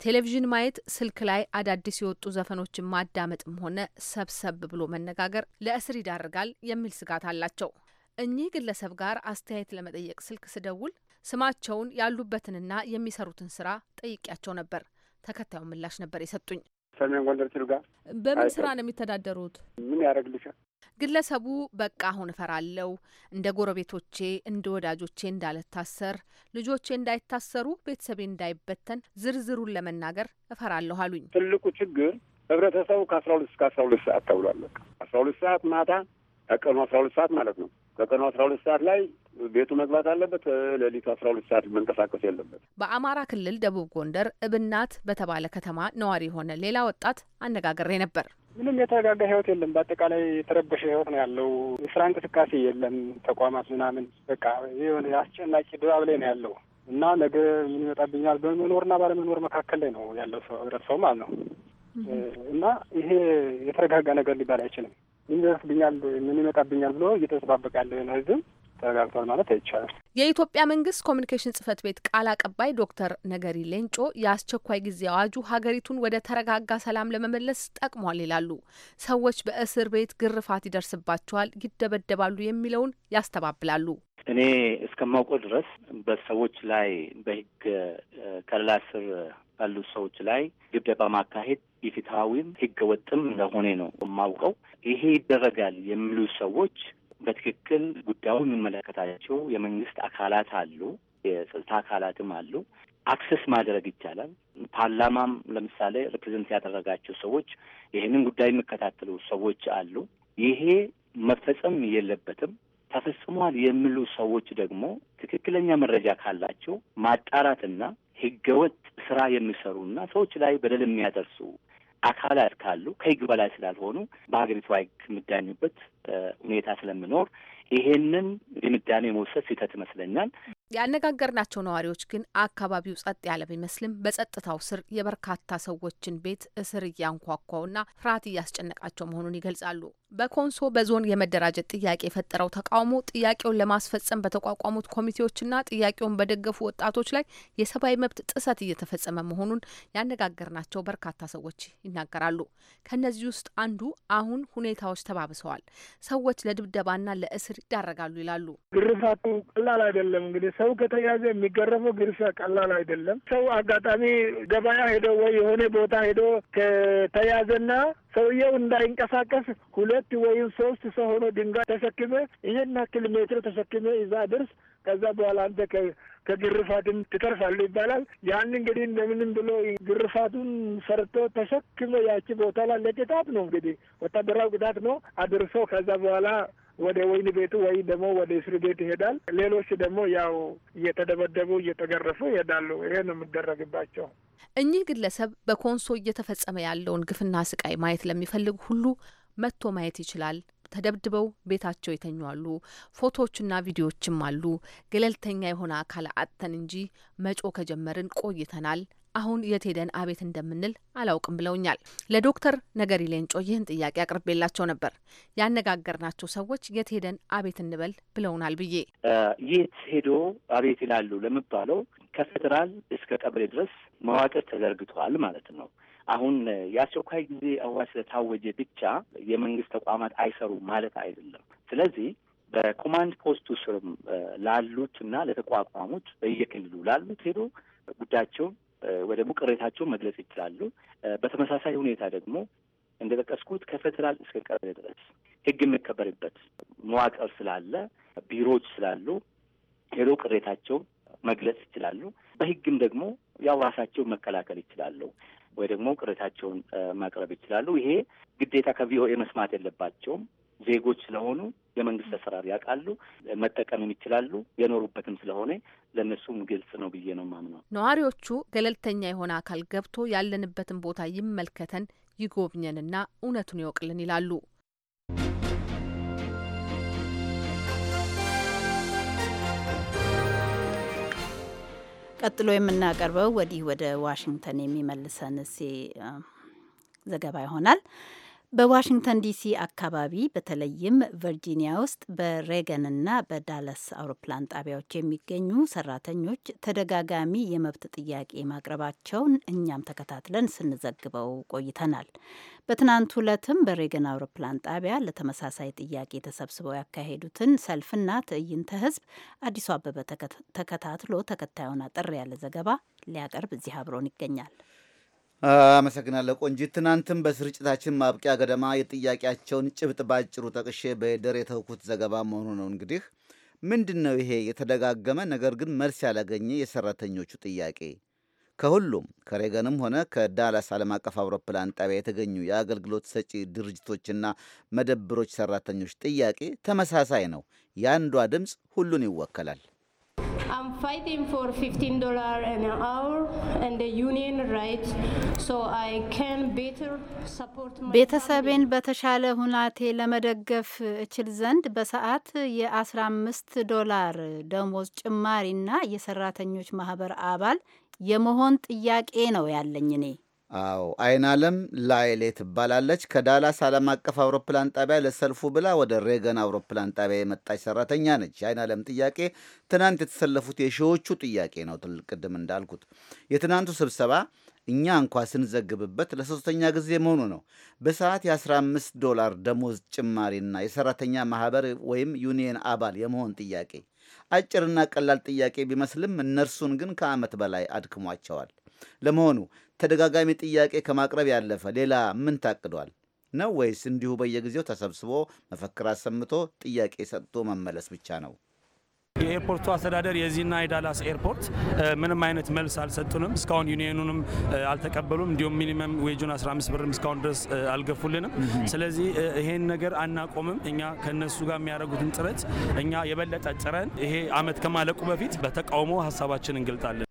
S7: ቴሌቪዥን ማየት፣ ስልክ ላይ አዳዲስ የወጡ ዘፈኖችን ማዳመጥም ሆነ ሰብሰብ ብሎ መነጋገር ለእስር ይዳርጋል የሚል ስጋት አላቸው። እኚህ ግለሰብ ጋር አስተያየት ለመጠየቅ ስልክ ስደውል ስማቸውን ያሉበትንና የሚሰሩትን ስራ ጠይቂያቸው ነበር። ተከታዩን ምላሽ ነበር የሰጡኝ።
S1: ሰሜን ጎንደር ሲሉ ጋር
S7: በምን ስራ ነው የሚተዳደሩት?
S1: ምን ያደርግልሻል?
S7: ግለሰቡ በቃ አሁን እፈራለሁ፣ እንደ ጎረቤቶቼ እንደ ወዳጆቼ እንዳልታሰር፣ ልጆቼ እንዳይታሰሩ፣ ቤተሰቤ እንዳይበተን ዝርዝሩን ለመናገር እፈራለሁ አሉኝ።
S8: ትልቁ ችግር ህብረተሰቡ ከአስራ ሁለት እስከ አስራ ሁለት ሰዓት ተብሏል። አስራ ሁለት ሰዓት ማታ ከቀኑ አስራ ሁለት ሰዓት ማለት ነው ከቀኑ አስራ ሁለት ሰዓት ላይ ቤቱ መግባት አለበት። ሌሊቱ አስራ ሁለት ሰዓት መንቀሳቀስ የለበት።
S7: በአማራ ክልል ደቡብ ጎንደር እብናት በተባለ ከተማ ነዋሪ የሆነ ሌላ ወጣት አነጋግሬ ነበር።
S1: ምንም የተረጋጋ ህይወት የለም። በአጠቃላይ የተረበሸ ህይወት ነው ያለው። የስራ እንቅስቃሴ የለም። ተቋማት ምናምን በቃ የሆነ አስጨናቂ ድባብ ላይ ነው ያለው እና ነገ ምን ይመጣብኛል በመኖርና ባለመኖር መካከል ላይ ነው ያለው ሰው ህብረተሰቡ ማለት ነው እና ይሄ የተረጋጋ ነገር ሊባል አይችልም። ምን ይደርስብኛል፣ ምን ይመጣብኛል ብሎ እየተጠባበቀ ያለ ህዝብ ተረጋግቷል ማለት አይቻላል።
S7: የኢትዮጵያ መንግስት ኮሚኒኬሽን ጽህፈት ቤት ቃል አቀባይ ዶክተር ነገሪ ሌንጮ የአስቸኳይ ጊዜ አዋጁ ሀገሪቱን ወደ ተረጋጋ ሰላም ለመመለስ ጠቅሟል ይላሉ። ሰዎች በእስር ቤት ግርፋት ይደርስባቸዋል፣ ይደበደባሉ የሚለውን ያስተባብላሉ።
S1: እኔ እስከማውቀው ድረስ በሰዎች ላይ በህግ ከለላ ስር ባሉት ሰዎች ላይ ድብደባ ማካሄድ ኢፍትሐዊም ህገወጥም እንደሆነ ነው የማውቀው። ይሄ ይደረጋል የሚሉ ሰዎች በትክክል ጉዳዩ የሚመለከታቸው የመንግስት አካላት አሉ፣ የጸጥታ አካላትም አሉ። አክሰስ ማድረግ ይቻላል። ፓርላማም ለምሳሌ ሪፕሬዘንት ያደረጋቸው ሰዎች ይህንን ጉዳይ የሚከታተሉ ሰዎች አሉ። ይሄ መፈጸም የለበትም። ተፈጽሟል የሚሉ ሰዎች ደግሞ ትክክለኛ መረጃ ካላቸው ማጣራትና ህገወጥ ስራ የሚሰሩ እና ሰዎች ላይ በደል የሚያደርሱ አካላት ካሉ ከህግ በላይ ስላልሆኑ በሀገሪቱ ህግ የሚዳኙበት ሁኔታ ስለምኖር ይሄንን የምዳኔ መውሰድ ስህተት ይመስለኛል።
S7: ያነጋገርናቸው ነዋሪዎች ግን አካባቢው ጸጥ ያለ ቢመስልም በጸጥታው ስር የበርካታ ሰዎችን ቤት እስር እያንኳኳውና ፍርሃት እያስጨነቃቸው መሆኑን ይገልጻሉ። በኮንሶ በዞን የመደራጀት ጥያቄ የፈጠረው ተቃውሞ ጥያቄውን ለማስፈጸም በተቋቋሙት ኮሚቴዎችና ጥያቄውን በደገፉ ወጣቶች ላይ የሰብአዊ መብት ጥሰት እየተፈጸመ መሆኑን ያነጋገርናቸው በርካታ ሰዎች ይናገራሉ። ከእነዚህ ውስጥ አንዱ አሁን ሁኔታዎች ተባብሰዋል፣ ሰዎች ለድብደባና ለእስር ይዳረጋሉ ይላሉ። ግርፋቱ
S1: ቀላል አይደለም እንግዲህ ሰው ከተያዘ የሚገረፈው ግርፊያ ቀላል አይደለም። ሰው አጋጣሚ ገበያ ሄዶ ወይ የሆነ ቦታ ሄዶ ከተያዘና ሰውየው እንዳይንቀሳቀስ ሁለት ወይም ሶስት ሰው ሆኖ ድንጋይ ተሸክመ ይህን ያክል ሜትር ተሸክመ ይዛ ድርስ ከዛ በኋላ አንተ ከግርፋትም ትተርፋሉ ይባላል። ያን እንግዲህ እንደምንም ብሎ ግርፋቱን ሰርቶ ተሸክመ ያቺ ቦታ ላይ ለቅጣት ነው እንግዲህ ወታደራዊ ቅጣት ነው አድርሶ ከዛ በኋላ ወደ ወይን ቤቱ ወይ ደግሞ ወደ እስር ቤት ይሄዳል። ሌሎች ደግሞ ያው እየተደበደቡ እየተገረፉ ይሄዳሉ።
S8: ይሄ ነው የሚደረግባቸው።
S7: እኚህ ግለሰብ በኮንሶ እየተፈጸመ ያለውን ግፍና ስቃይ ማየት ለሚፈልግ ሁሉ መጥቶ ማየት ይችላል ተደብድበው ቤታቸው የተኙ አሉ። ፎቶዎችና ቪዲዮዎችም አሉ። ገለልተኛ የሆነ አካል አጥተን እንጂ መጮ ከጀመርን ቆይተናል። አሁን የት ሄደን አቤት እንደምንል አላውቅም ብለውኛል። ለዶክተር ነገሪ ሌንጮ ይህን ጥያቄ አቅርቤላቸው ነበር። ያነጋገርናቸው ሰዎች የት ሄደን አቤት እንበል ብለውናል ብዬ
S1: የት ሄዶ አቤት ይላሉ ለምባለው ከፌዴራል እስከ ቀበሌ ድረስ መዋቅር ተዘርግቷል ማለት ነው። አሁን የአስቸኳይ ጊዜ አዋጅ ስለታወጀ ብቻ የመንግስት ተቋማት አይሰሩም ማለት አይደለም። ስለዚህ በኮማንድ ፖስቱ ስርም ላሉት እና ለተቋቋሙት በየክልሉ ላሉት ሄዶ ጉዳያቸውን ወደ ቅሬታቸውን መግለጽ ይችላሉ። በተመሳሳይ ሁኔታ ደግሞ እንደጠቀስኩት ከፌዴራል እስከ ቀበሌ ድረስ ህግ የሚከበርበት መዋቅር ስላለ ቢሮዎች ስላሉ ሄዶ ቅሬታቸው መግለጽ ይችላሉ። በህግም ደግሞ ያው ራሳቸው መከላከል ይችላሉ። ወይ ደግሞ ቅሬታቸውን ማቅረብ ይችላሉ። ይሄ ግዴታ ከቪኦኤ መስማት የለባቸውም። ዜጎች ስለሆኑ የመንግስት አሰራር ያውቃሉ፣ መጠቀምም ይችላሉ። የኖሩበትም ስለሆነ ለእነሱም ግልጽ ነው ብዬ ነው ማምነው።
S7: ነዋሪዎቹ ገለልተኛ የሆነ አካል ገብቶ ያለንበትን ቦታ ይመልከተን፣ ይጎብኘንና እውነቱን ይወቅልን ይላሉ።
S2: ቀጥሎ የምናቀርበው ወዲህ ወደ ዋሽንግተን የሚመልሰን ዘገባ ይሆናል። በዋሽንግተን ዲሲ አካባቢ በተለይም ቨርጂኒያ ውስጥ በሬገን ና በዳለስ አውሮፕላን ጣቢያዎች የሚገኙ ሰራተኞች ተደጋጋሚ የመብት ጥያቄ ማቅረባቸውን እኛም ተከታትለን ስንዘግበው ቆይተናል። በትናንት ሁለትም በሬገን አውሮፕላን ጣቢያ ለተመሳሳይ ጥያቄ ተሰብስበው ያካሄዱትን ሰልፍና ትዕይንተ ህዝብ አዲሱ አበበ ተከታትሎ ተከታዩን አጠር ያለ ዘገባ ሊያቀርብ እዚህ አብሮን ይገኛል።
S4: አመሰግናለሁ ቆንጂት። ትናንትም በስርጭታችን ማብቂያ ገደማ የጥያቄያቸውን ጭብጥ ባጭሩ ጠቅሼ በደር የተውኩት ዘገባ መሆኑ ነው። እንግዲህ ምንድን ነው ይሄ የተደጋገመ ነገር ግን መልስ ያላገኘ የሰራተኞቹ ጥያቄ? ከሁሉም ከሬገንም ሆነ ከዳላስ ዓለም አቀፍ አውሮፕላን ጣቢያ የተገኙ የአገልግሎት ሰጪ ድርጅቶችና መደብሮች ሰራተኞች ጥያቄ ተመሳሳይ ነው። የአንዷ ድምፅ ሁሉን ይወከላል።
S2: fighting for $15 an hour and the union rights so I can better support my ቤተሰቤን በተሻለ ሁናቴ ለመደገፍ እችል ዘንድ በሰዓት የ15 ዶላር ደሞዝ ጭማሪና የሰራተኞች ማህበር አባል የመሆን ጥያቄ ነው ያለኝ እኔ
S4: አዎ አይን አለም ላይሌ ትባላለች። ከዳላስ ዓለም አቀፍ አውሮፕላን ጣቢያ ለሰልፉ ብላ ወደ ሬገን አውሮፕላን ጣቢያ የመጣች ሰራተኛ ነች። የአይን አለም ጥያቄ ትናንት የተሰለፉት የሺዎቹ ጥያቄ ነው። ትልቅ ቅድም እንዳልኩት የትናንቱ ስብሰባ እኛ እንኳ ስንዘግብበት ለሶስተኛ ጊዜ መሆኑ ነው። በሰዓት የ15 ዶላር ደሞዝ ጭማሪና የሰራተኛ ማህበር ወይም ዩኒየን አባል የመሆን ጥያቄ አጭርና ቀላል ጥያቄ ቢመስልም እነርሱን ግን ከዓመት በላይ አድክሟቸዋል። ለመሆኑ ተደጋጋሚ ጥያቄ ከማቅረብ ያለፈ ሌላ ምን ታቅዷል ነው? ወይስ እንዲሁ በየጊዜው ተሰብስቦ መፈክር አሰምቶ ጥያቄ ሰጥቶ መመለስ ብቻ ነው?
S1: የኤርፖርቱ አስተዳደር የዚህና የዳላስ ኤርፖርት ምንም አይነት መልስ አልሰጡንም። እስካሁን ዩኒየኑንም አልተቀበሉም። እንዲሁም ሚኒመም ዌጁን 15 ብርም እስካሁን ድረስ አልገፉልንም። ስለዚህ ይሄን ነገር አናቆምም። እኛ ከነሱ ጋር የሚያደርጉትን ጥረት እኛ የበለጠ ጥረን ይሄ አመት ከማለቁ በፊት በተቃውሞ ሀሳባችን እንገልጣለን።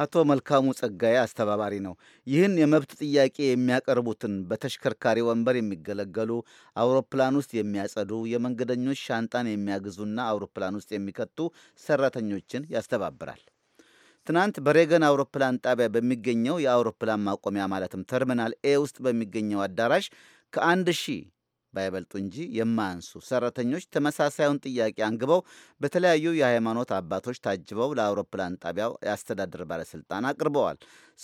S4: አቶ መልካሙ ጸጋዬ አስተባባሪ ነው። ይህን የመብት ጥያቄ የሚያቀርቡትን በተሽከርካሪ ወንበር የሚገለገሉ አውሮፕላን ውስጥ የሚያጸዱ፣ የመንገደኞች ሻንጣን የሚያግዙና አውሮፕላን ውስጥ የሚከቱ ሰራተኞችን ያስተባብራል። ትናንት በሬገን አውሮፕላን ጣቢያ በሚገኘው የአውሮፕላን ማቆሚያ ማለትም ተርሚናል ኤ ውስጥ በሚገኘው አዳራሽ ከአንድ ሺህ ባይበልጡ እንጂ የማያንሱ ሰራተኞች ተመሳሳዩን ጥያቄ አንግበው በተለያዩ የሃይማኖት አባቶች ታጅበው ለአውሮፕላን ጣቢያው የአስተዳደር ባለስልጣን አቅርበዋል።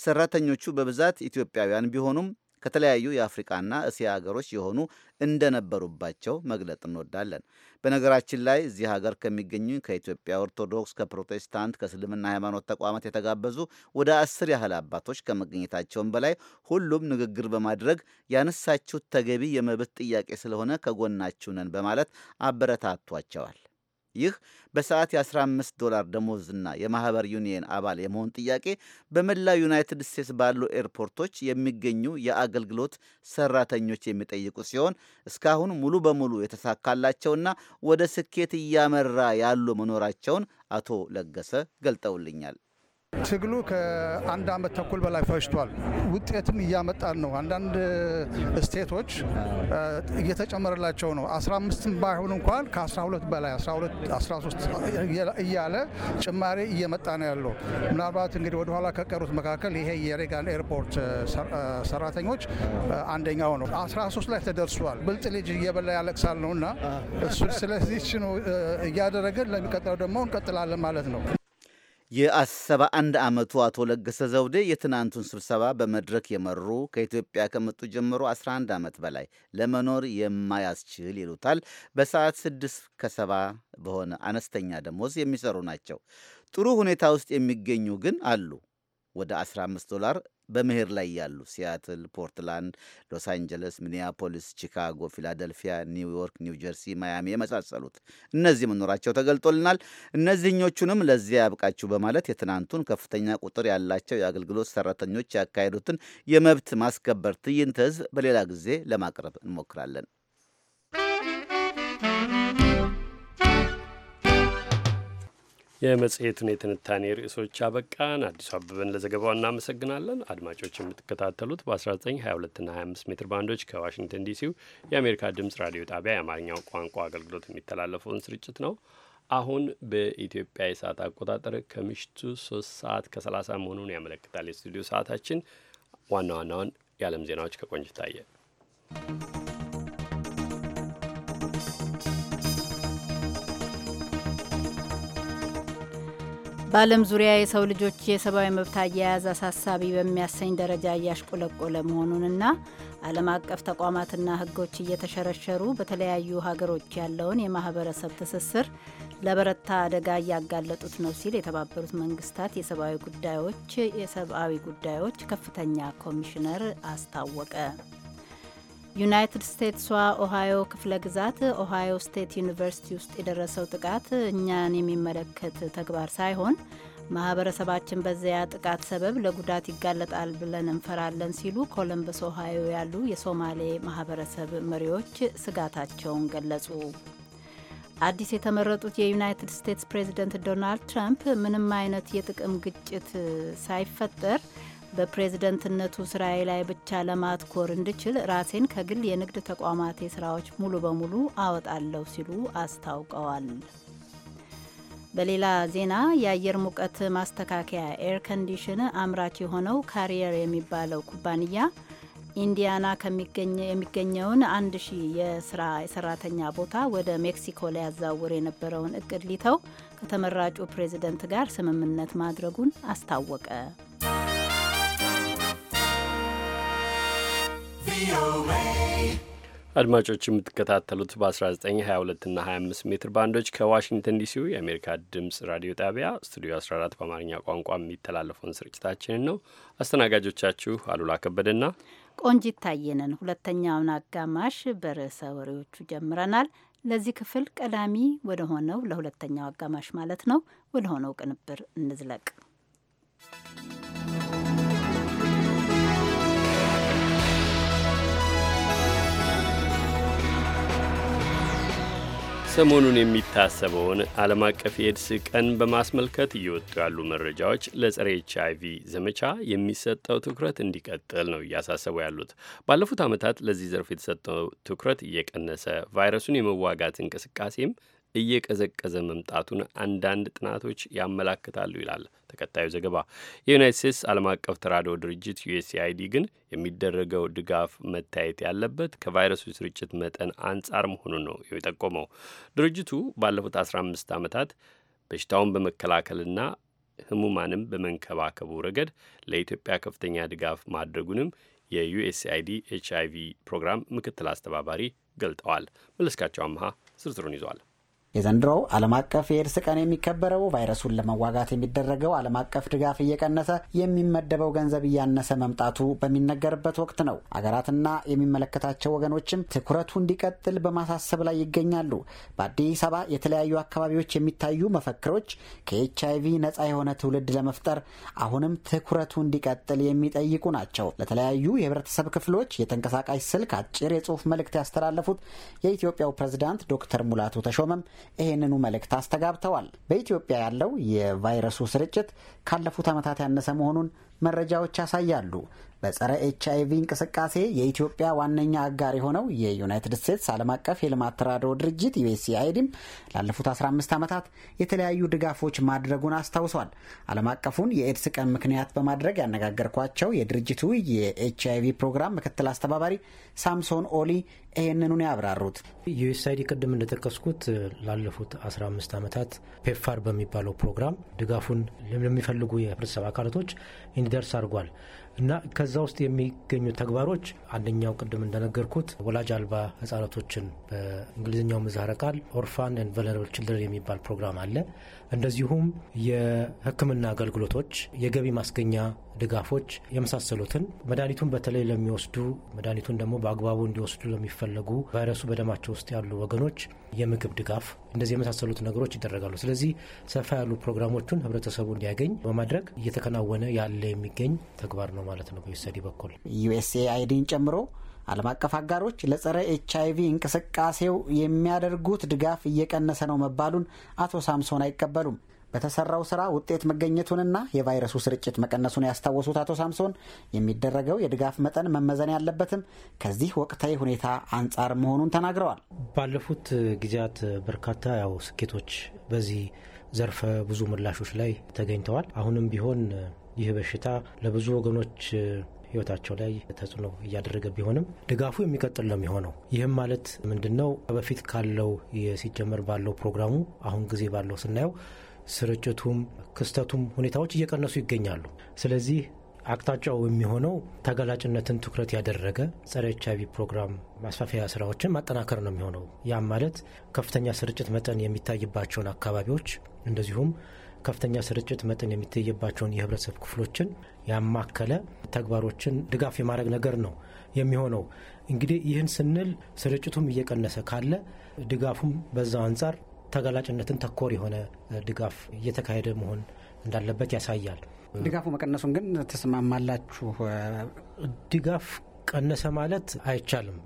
S4: ሰራተኞቹ በብዛት ኢትዮጵያውያን ቢሆኑም ከተለያዩ የአፍሪቃና እስያ ሀገሮች የሆኑ እንደነበሩባቸው መግለጥ እንወዳለን። በነገራችን ላይ እዚህ ሀገር ከሚገኙ ከኢትዮጵያ ኦርቶዶክስ፣ ከፕሮቴስታንት፣ ከእስልምና ሃይማኖት ተቋማት የተጋበዙ ወደ አስር ያህል አባቶች ከመገኘታቸውም በላይ ሁሉም ንግግር በማድረግ ያነሳችሁት ተገቢ የመብት ጥያቄ ስለሆነ ከጎናችሁ ነን በማለት አበረታቷቸዋል። ይህ በሰዓት የ15 ዶላር ደሞዝና የማህበር ዩኒየን አባል የመሆን ጥያቄ በመላ ዩናይትድ ስቴትስ ባሉ ኤርፖርቶች የሚገኙ የአገልግሎት ሰራተኞች የሚጠይቁ ሲሆን እስካሁን ሙሉ በሙሉ የተሳካላቸውና ወደ ስኬት እያመራ ያሉ መኖራቸውን አቶ ለገሰ ገልጠውልኛል።
S9: ትግሉ ከአንድ አመት ተኩል በላይ ፈጅቷል። ውጤትም እያመጣን ነው። አንዳንድ ስቴቶች እየተጨመረላቸው ነው። 15ም ባይሆን እንኳን ከ12 በላይ 13 እያለ ጭማሪ እየመጣ ነው ያለው። ምናልባት እንግዲህ ወደኋላ ከቀሩት መካከል ይሄ የሬጋን ኤርፖርት ሰራተኞች አንደኛው ነው። 13 ላይ ተደርሷል። ብልጥ ልጅ እየበላ ያለቅሳል ነው እና ስለዚህ እያደረገን ለሚቀጥለው ደግሞ እንቀጥላለን ማለት ነው።
S4: የሰባ አንድ ዓመቱ አቶ ለገሰ ዘውዴ የትናንቱን ስብሰባ በመድረክ የመሩ ከኢትዮጵያ ከመጡ ጀምሮ 11 ዓመት በላይ ለመኖር የማያስችል ይሉታል በሰዓት ስድስት ከሰባ በሆነ አነስተኛ ደሞዝ የሚሰሩ ናቸው። ጥሩ ሁኔታ ውስጥ የሚገኙ ግን አሉ። ወደ 15 ዶላር በመሄድ ላይ ያሉ ሲያትል፣ ፖርትላንድ፣ ሎስ አንጀለስ፣ ሚኒያፖሊስ፣ ቺካጎ፣ ፊላደልፊያ፣ ኒውዮርክ፣ ኒውጀርሲ፣ ማያሚ የመሳሰሉት እነዚህ መኖራቸው ተገልጦልናል። እነዚህኞቹንም ለዚያ ያብቃችሁ በማለት የትናንቱን ከፍተኛ ቁጥር ያላቸው የአገልግሎት ሰራተኞች ያካሄዱትን የመብት ማስከበር ትዕይንተ ህዝብ በሌላ ጊዜ ለማቅረብ እንሞክራለን።
S5: የመጽሔቱን የትንታኔ ርዕሶች አበቃን። አዲሱ አበበን ለዘገባው እናመሰግናለን። አድማጮች የምትከታተሉት በ1922ና 25 ሜትር ባንዶች ከዋሽንግተን ዲሲው የአሜሪካ ድምፅ ራዲዮ ጣቢያ የአማርኛው ቋንቋ አገልግሎት የሚተላለፈውን ስርጭት ነው። አሁን በኢትዮጵያ የሰዓት አቆጣጠር ከምሽቱ 3 ሰዓት ከ30 መሆኑን ያመለክታል። የስቱዲዮ ሰዓታችን ዋና ዋናውን የዓለም ዜናዎች ከቆንጅታየ
S2: በዓለም ዙሪያ የሰው ልጆች የሰብአዊ መብት አያያዝ አሳሳቢ በሚያሰኝ ደረጃ እያሽቆለቆለ መሆኑንና ዓለም አቀፍ ተቋማትና ሕጎች እየተሸረሸሩ በተለያዩ ሀገሮች ያለውን የማህበረሰብ ትስስር ለበረታ አደጋ እያጋለጡት ነው ሲል የተባበሩት መንግስታት የሰብአዊ ጉዳዮች የሰብአዊ ጉዳዮች ከፍተኛ ኮሚሽነር አስታወቀ። ዩናይትድ ስቴትሷ ኦሃዮ ክፍለ ግዛት ኦሃዮ ስቴት ዩኒቨርሲቲ ውስጥ የደረሰው ጥቃት እኛን የሚመለከት ተግባር ሳይሆን ማህበረሰባችን በዚያ ጥቃት ሰበብ ለጉዳት ይጋለጣል ብለን እንፈራለን ሲሉ ኮለምበስ ኦሃዮ ያሉ የሶማሌ ማህበረሰብ መሪዎች ስጋታቸውን ገለጹ። አዲስ የተመረጡት የዩናይትድ ስቴትስ ፕሬዝደንት ዶናልድ ትራምፕ ምንም አይነት የጥቅም ግጭት ሳይፈጠር በፕሬዝደንትነቱ ስራዬ ላይ ብቻ ለማትኮር እንድችል ራሴን ከግል የንግድ ተቋማቴ ስራዎች ሙሉ በሙሉ አወጣለሁ ሲሉ አስታውቀዋል። በሌላ ዜና የአየር ሙቀት ማስተካከያ ኤር ኮንዲሽን አምራች የሆነው ካሪየር የሚባለው ኩባንያ ኢንዲያና የሚገኘውን አንድ ሺህ የስራ የሰራተኛ ቦታ ወደ ሜክሲኮ ሊያዛውር የነበረውን እቅድ ሊተው ከተመራጩ ፕሬዝደንት ጋር ስምምነት ማድረጉን አስታወቀ።
S5: አድማጮች የምትከታተሉት በ1922 እና 25 ሜትር ባንዶች ከዋሽንግተን ዲሲው የአሜሪካ ድምፅ ራዲዮ ጣቢያ ስቱዲዮ 14 በአማርኛ ቋንቋ የሚተላለፈውን ስርጭታችንን ነው። አስተናጋጆቻችሁ አሉላ ከበደና
S2: ቆንጂት ታየነን። ሁለተኛውን አጋማሽ በርዕሰ ወሬዎቹ ጀምረናል። ለዚህ ክፍል ቀዳሚ ወደ ሆነው ለሁለተኛው አጋማሽ ማለት ነው ወደ ሆነው ቅንብር እንዝለቅ።
S5: ሰሞኑን የሚታሰበውን ዓለም አቀፍ የኤድስ ቀን በማስመልከት እየወጡ ያሉ መረጃዎች ለጸረ ኤች አይቪ ዘመቻ የሚሰጠው ትኩረት እንዲቀጥል ነው እያሳሰቡ ያሉት። ባለፉት ዓመታት ለዚህ ዘርፍ የተሰጠው ትኩረት እየቀነሰ ቫይረሱን የመዋጋት እንቅስቃሴም እየቀዘቀዘ መምጣቱን አንዳንድ ጥናቶች ያመላክታሉ ይላል ተከታዩ ዘገባ የዩናይት ስቴትስ ዓለም አቀፍ ተራድኦ ድርጅት ዩኤስኤአይዲ ግን የሚደረገው ድጋፍ መታየት ያለበት ከቫይረሱ ስርጭት መጠን አንጻር መሆኑን ነው የጠቆመው። ድርጅቱ ባለፉት 15 ዓመታት በሽታውን በመከላከልና ህሙማንም በመንከባከቡ ረገድ ለኢትዮጵያ ከፍተኛ ድጋፍ ማድረጉንም የዩኤስአይዲ ኤች አይቪ ፕሮግራም ምክትል አስተባባሪ ገልጠዋል። መለስካቸው አምሃ ዝርዝሩን ይዟል።
S10: የዘንድሮው ዓለም አቀፍ የኤድስ ቀን የሚከበረው ቫይረሱን ለመዋጋት የሚደረገው ዓለም አቀፍ ድጋፍ እየቀነሰ የሚመደበው ገንዘብ እያነሰ መምጣቱ በሚነገርበት ወቅት ነው። አገራትና የሚመለከታቸው ወገኖችም ትኩረቱ እንዲቀጥል በማሳሰብ ላይ ይገኛሉ። በአዲስ አበባ የተለያዩ አካባቢዎች የሚታዩ መፈክሮች ከኤች አይቪ ነፃ የሆነ ትውልድ ለመፍጠር አሁንም ትኩረቱ እንዲቀጥል የሚጠይቁ ናቸው። ለተለያዩ የህብረተሰብ ክፍሎች የተንቀሳቃሽ ስልክ አጭር የጽሁፍ መልእክት ያስተላለፉት የኢትዮጵያው ፕሬዝዳንት ዶክተር ሙላቱ ተሾመም ይህንኑ መልእክት አስተጋብተዋል። በኢትዮጵያ ያለው የቫይረሱ ስርጭት ካለፉት ዓመታት ያነሰ መሆኑን መረጃዎች ያሳያሉ። በጸረ ኤች አይቪ እንቅስቃሴ የኢትዮጵያ ዋነኛ አጋር የሆነው የዩናይትድ ስቴትስ ዓለም አቀፍ የልማት ተራድኦ ድርጅት ዩኤስኤአይዲም ላለፉት 15 ዓመታት የተለያዩ ድጋፎች ማድረጉን አስታውሷል። ዓለም አቀፉን የኤድስ ቀን ምክንያት በማድረግ ያነጋገርኳቸው የድርጅቱ የኤች አይቪ ፕሮግራም ምክትል
S11: አስተባባሪ ሳምሶን ኦሊ ይህንኑን ያብራሩት ዩኤስአይዲ ቅድም እንደጠቀስኩት ላለፉት 15 ዓመታት ፔፋር በሚባለው ፕሮግራም ድጋፉን ለሚፈልጉ የህብረተሰብ አካላቶች እንዲደርስ አድርጓል። እና ከዛ ውስጥ የሚገኙ ተግባሮች አንደኛው ቅድም እንደነገርኩት ወላጅ አልባ ህጻናቶችን በእንግሊዝኛው ምህጻረ ቃል ኦርፋን ኤንድ ቨለነብል ችልድረን የሚባል ፕሮግራም አለ። እንደዚሁም የሕክምና አገልግሎቶች፣ የገቢ ማስገኛ ድጋፎች የመሳሰሉትን መድኃኒቱን በተለይ ለሚወስዱ መድኃኒቱን ደግሞ በአግባቡ እንዲወስዱ ለሚፈለጉ ቫይረሱ በደማቸው ውስጥ ያሉ ወገኖች የምግብ ድጋፍ እንደዚህ የመሳሰሉት ነገሮች ይደረጋሉ። ስለዚህ ሰፋ ያሉ ፕሮግራሞቹን ህብረተሰቡ እንዲያገኝ በማድረግ እየተከናወነ ያለ የሚገኝ ተግባር ነው ማለት ነው
S10: በዩኤስኤአይዲን ጨምሮ ዓለም አቀፍ አጋሮች ለጸረ ኤች አይቪ እንቅስቃሴው የሚያደርጉት ድጋፍ እየቀነሰ ነው መባሉን አቶ ሳምሶን አይቀበሉም። በተሰራው ስራ ውጤት መገኘቱንና የቫይረሱ ስርጭት መቀነሱን ያስታወሱት አቶ ሳምሶን የሚደረገው የድጋፍ መጠን መመዘን ያለበትም ከዚህ ወቅታዊ ሁኔታ አንጻር መሆኑን ተናግረዋል።
S11: ባለፉት ጊዜያት በርካታ ያው ስኬቶች በዚህ ዘርፈ ብዙ ምላሾች ላይ ተገኝተዋል። አሁንም ቢሆን ይህ በሽታ ለብዙ ወገኖች ህይወታቸው ላይ ተጽዕኖ እያደረገ ቢሆንም ድጋፉ የሚቀጥል ነው የሚሆነው። ይህም ማለት ምንድን ነው? በፊት ካለው ሲጀመር ባለው ፕሮግራሙ አሁን ጊዜ ባለው ስናየው ስርጭቱም ክስተቱም ሁኔታዎች እየቀነሱ ይገኛሉ። ስለዚህ አቅጣጫው የሚሆነው ተጋላጭነትን ትኩረት ያደረገ ጸረ ኤች አይቪ ፕሮግራም ማስፋፊያ ስራዎችን ማጠናከር ነው የሚሆነው። ያም ማለት ከፍተኛ ስርጭት መጠን የሚታይባቸውን አካባቢዎች እንደዚሁም ከፍተኛ ስርጭት መጠን የሚታይባቸውን የህብረተሰብ ክፍሎችን ያማከለ ተግባሮችን ድጋፍ የማድረግ ነገር ነው የሚሆነው። እንግዲህ ይህን ስንል ስርጭቱም እየቀነሰ ካለ ድጋፉም በዛ አንጻር ተጋላጭነትን ተኮር የሆነ ድጋፍ እየተካሄደ መሆን እንዳለበት ያሳያል። ድጋፉ መቀነሱን ግን ተስማማላችሁ? ድጋፍ ቀነሰ ማለት አይቻልም።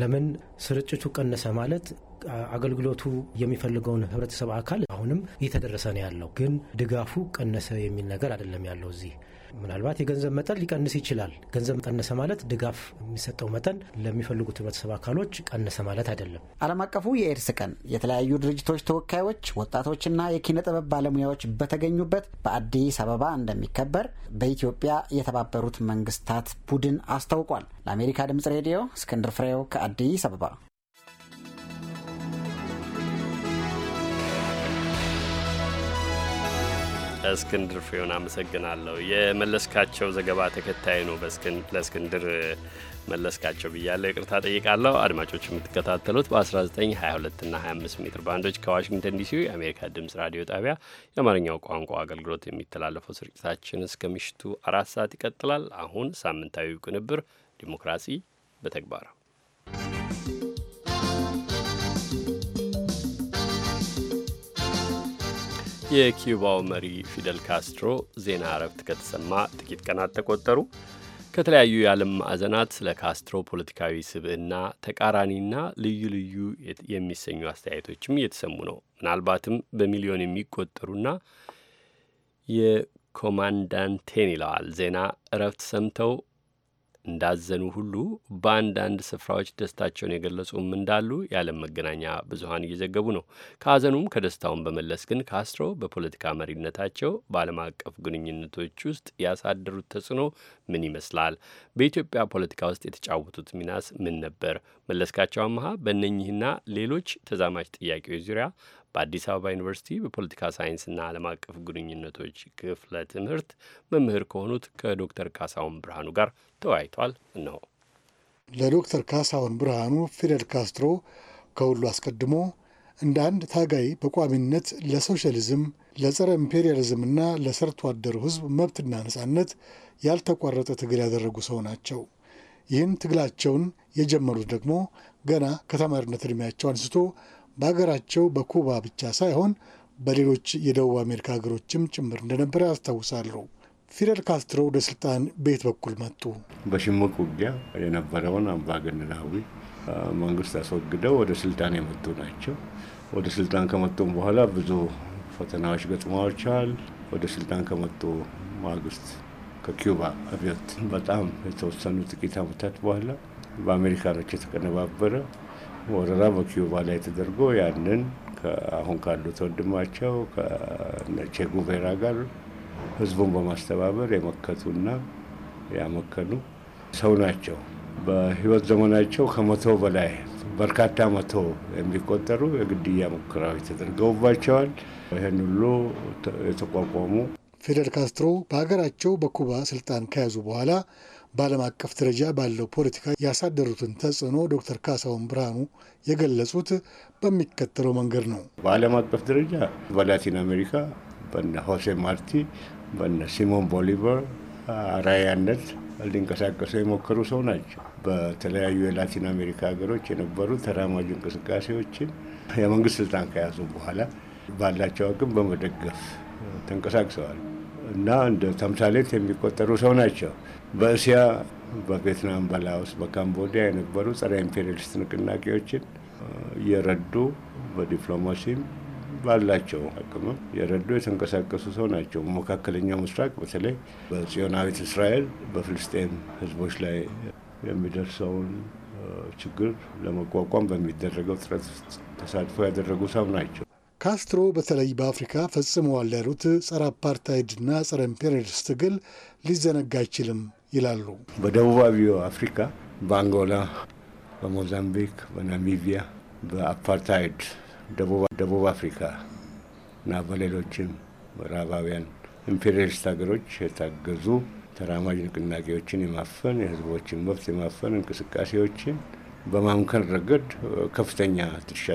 S11: ለምን ስርጭቱ ቀነሰ ማለት አገልግሎቱ የሚፈልገውን ህብረተሰብ አካል አሁንም እየተደረሰ ነው ያለው፣ ግን ድጋፉ ቀነሰ የሚል ነገር አይደለም ያለው። እዚህ ምናልባት የገንዘብ መጠን ሊቀንስ ይችላል። ገንዘብ ቀነሰ ማለት ድጋፍ የሚሰጠው መጠን ለሚፈልጉት ህብረተሰብ አካሎች ቀነሰ ማለት አይደለም።
S10: ዓለም አቀፉ የኤድስ ቀን የተለያዩ ድርጅቶች ተወካዮች፣ ወጣቶችና የኪነ ጥበብ ባለሙያዎች በተገኙበት በአዲስ አበባ እንደሚከበር በኢትዮጵያ የተባበሩት መንግስታት ቡድን አስታውቋል። ለአሜሪካ ድምጽ ሬዲዮ እስክንድር ፍሬው ከአዲስ አበባ
S5: እስክንድር ፍሬውን አመሰግናለሁ። የመለስካቸው ዘገባ ተከታይ ነው። ለእስክንድር መለስካቸው ብያለሁ፣ ይቅርታ ጠይቃለሁ። አድማጮች የምትከታተሉት በ19፣ 22 እና 25 ሜትር ባንዶች ከዋሽንግተን ዲሲ የአሜሪካ ድምፅ ራዲዮ ጣቢያ የአማርኛው ቋንቋ አገልግሎት የሚተላለፈው ስርጭታችን እስከ ምሽቱ አራት ሰዓት ይቀጥላል። አሁን ሳምንታዊ ቅንብር ዲሞክራሲ በተግባር የኪዩባው መሪ ፊደል ካስትሮ ዜና እረፍት ከተሰማ ጥቂት ቀናት ተቆጠሩ። ከተለያዩ የዓለም ማዕዘናት ስለ ካስትሮ ፖለቲካዊ ስብዕና ተቃራኒና ልዩ ልዩ የሚሰኙ አስተያየቶችም እየተሰሙ ነው። ምናልባትም በሚሊዮን የሚቆጠሩና የኮማንዳንቴን ይለዋል ዜና እረፍት ሰምተው እንዳዘኑ ሁሉ በአንዳንድ ስፍራዎች ደስታቸውን የገለጹም እንዳሉ የዓለም መገናኛ ብዙሀን እየዘገቡ ነው። ከሀዘኑም ከደስታውን በመለስ ግን ካስትሮ በፖለቲካ መሪነታቸው በዓለም አቀፍ ግንኙነቶች ውስጥ ያሳደሩት ተጽዕኖ ምን ይመስላል? በኢትዮጵያ ፖለቲካ ውስጥ የተጫወቱት ሚናስ ምን ነበር? መለስካቸው አመሀ በእነኚህና ሌሎች ተዛማች ጥያቄዎች ዙሪያ በአዲስ አበባ ዩኒቨርሲቲ በፖለቲካ ሳይንስና ዓለም አቀፍ ግንኙነቶች ክፍለ ትምህርት መምህር ከሆኑት ከዶክተር ካሳሁን ብርሃኑ ጋር ተወያይቷል እነሆ
S9: ለዶክተር ካሳሁን ብርሃኑ ፊደል ካስትሮ ከሁሉ አስቀድሞ እንደ አንድ ታጋይ በቋሚነት ለሶሻሊዝም፣ ለጸረ ኢምፔሪያሊዝምና ለሰርቶ አደሩ ሕዝብ መብትና ነጻነት ያልተቋረጠ ትግል ያደረጉ ሰው ናቸው። ይህን ትግላቸውን የጀመሩት ደግሞ ገና ከተማሪነት እድሜያቸው አንስቶ በሀገራቸው በኩባ ብቻ ሳይሆን በሌሎች የደቡብ አሜሪካ ሀገሮችም ጭምር እንደነበረ ያስታውሳሉ። ፊደል ካስትሮ ወደ ስልጣን በየት በኩል መጡ?
S12: በሽምቅ ውጊያ የነበረውን አምባገነናዊ መንግስት አስወግደው ወደ ስልጣን የመጡ ናቸው። ወደ ስልጣን ከመጡም በኋላ ብዙ ፈተናዎች ገጥመዋቸዋል። ወደ ስልጣን ከመጡ ማግስት ከኪውባ አብዮት በጣም የተወሰኑ ጥቂት ዓመታት በኋላ በአሜሪካኖች የተቀነባበረ ወረራ በኪዩባ ላይ ተደርጎ ያንን አሁን ካሉት ወንድማቸው ከቼጉቬራ ጋር ህዝቡን በማስተባበር የመከቱና ያመከኑ ሰው ናቸው። በህይወት ዘመናቸው ከመቶ በላይ በርካታ መቶ የሚቆጠሩ የግድያ ሙከራዎች ተደርገውባቸዋል። ይህን ሁሉ የተቋቋሙ
S9: ፊደል ካስትሮ በሀገራቸው በኩባ ስልጣን ከያዙ በኋላ በዓለም አቀፍ ደረጃ ባለው ፖለቲካ ያሳደሩትን ተጽዕኖ ዶክተር ካሳሁን ብርሃኑ የገለጹት በሚከተለው መንገድ ነው።
S12: በዓለም አቀፍ ደረጃ በላቲን አሜሪካ በነ ሆሴ ማርቲ በነ ሲሞን ቦሊቨር ራያነት ሊንቀሳቀሱ የሞከሩ ሰው ናቸው። በተለያዩ የላቲን አሜሪካ ሀገሮች የነበሩ ተራማጅ እንቅስቃሴዎችን የመንግስት ስልጣን ከያዙ በኋላ ባላቸው አቅም በመደገፍ ተንቀሳቅሰዋል። እና እንደ ተምሳሌት የሚቆጠሩ ሰው ናቸው። በእስያ፣ በቬትናም፣ በላውስ በካምቦዲያ የነበሩ ጸረ ኢምፔሪያሊስት ንቅናቄዎችን የረዱ በዲፕሎማሲም ባላቸው አቅምም የረዱ የተንቀሳቀሱ ሰው ናቸው። መካከለኛው ምስራቅ በተለይ በጽዮናዊት እስራኤል በፍልስጤም ህዝቦች ላይ የሚደርሰውን ችግር ለመቋቋም በሚደረገው ጥረት ተሳትፎ ያደረጉ ሰው ናቸው።
S9: ካስትሮ በተለይ በአፍሪካ ፈጽመዋል ያሉት ጸረ አፓርታይድና ጸረ ኢምፔሪያሊስት ትግል ሊዘነጋ አይችልም ይላሉ።
S12: በደቡባዊው አፍሪካ በአንጎላ፣ በሞዛምቢክ፣ በናሚቢያ በአፓርታይድ ደቡብ አፍሪካ እና በሌሎችም ምዕራባውያን ኢምፔሪያሊስት ሀገሮች የታገዙ ተራማጅ ንቅናቄዎችን የማፈን የህዝቦችን መብት የማፈን እንቅስቃሴዎችን በማምከን ረገድ ከፍተኛ ድርሻ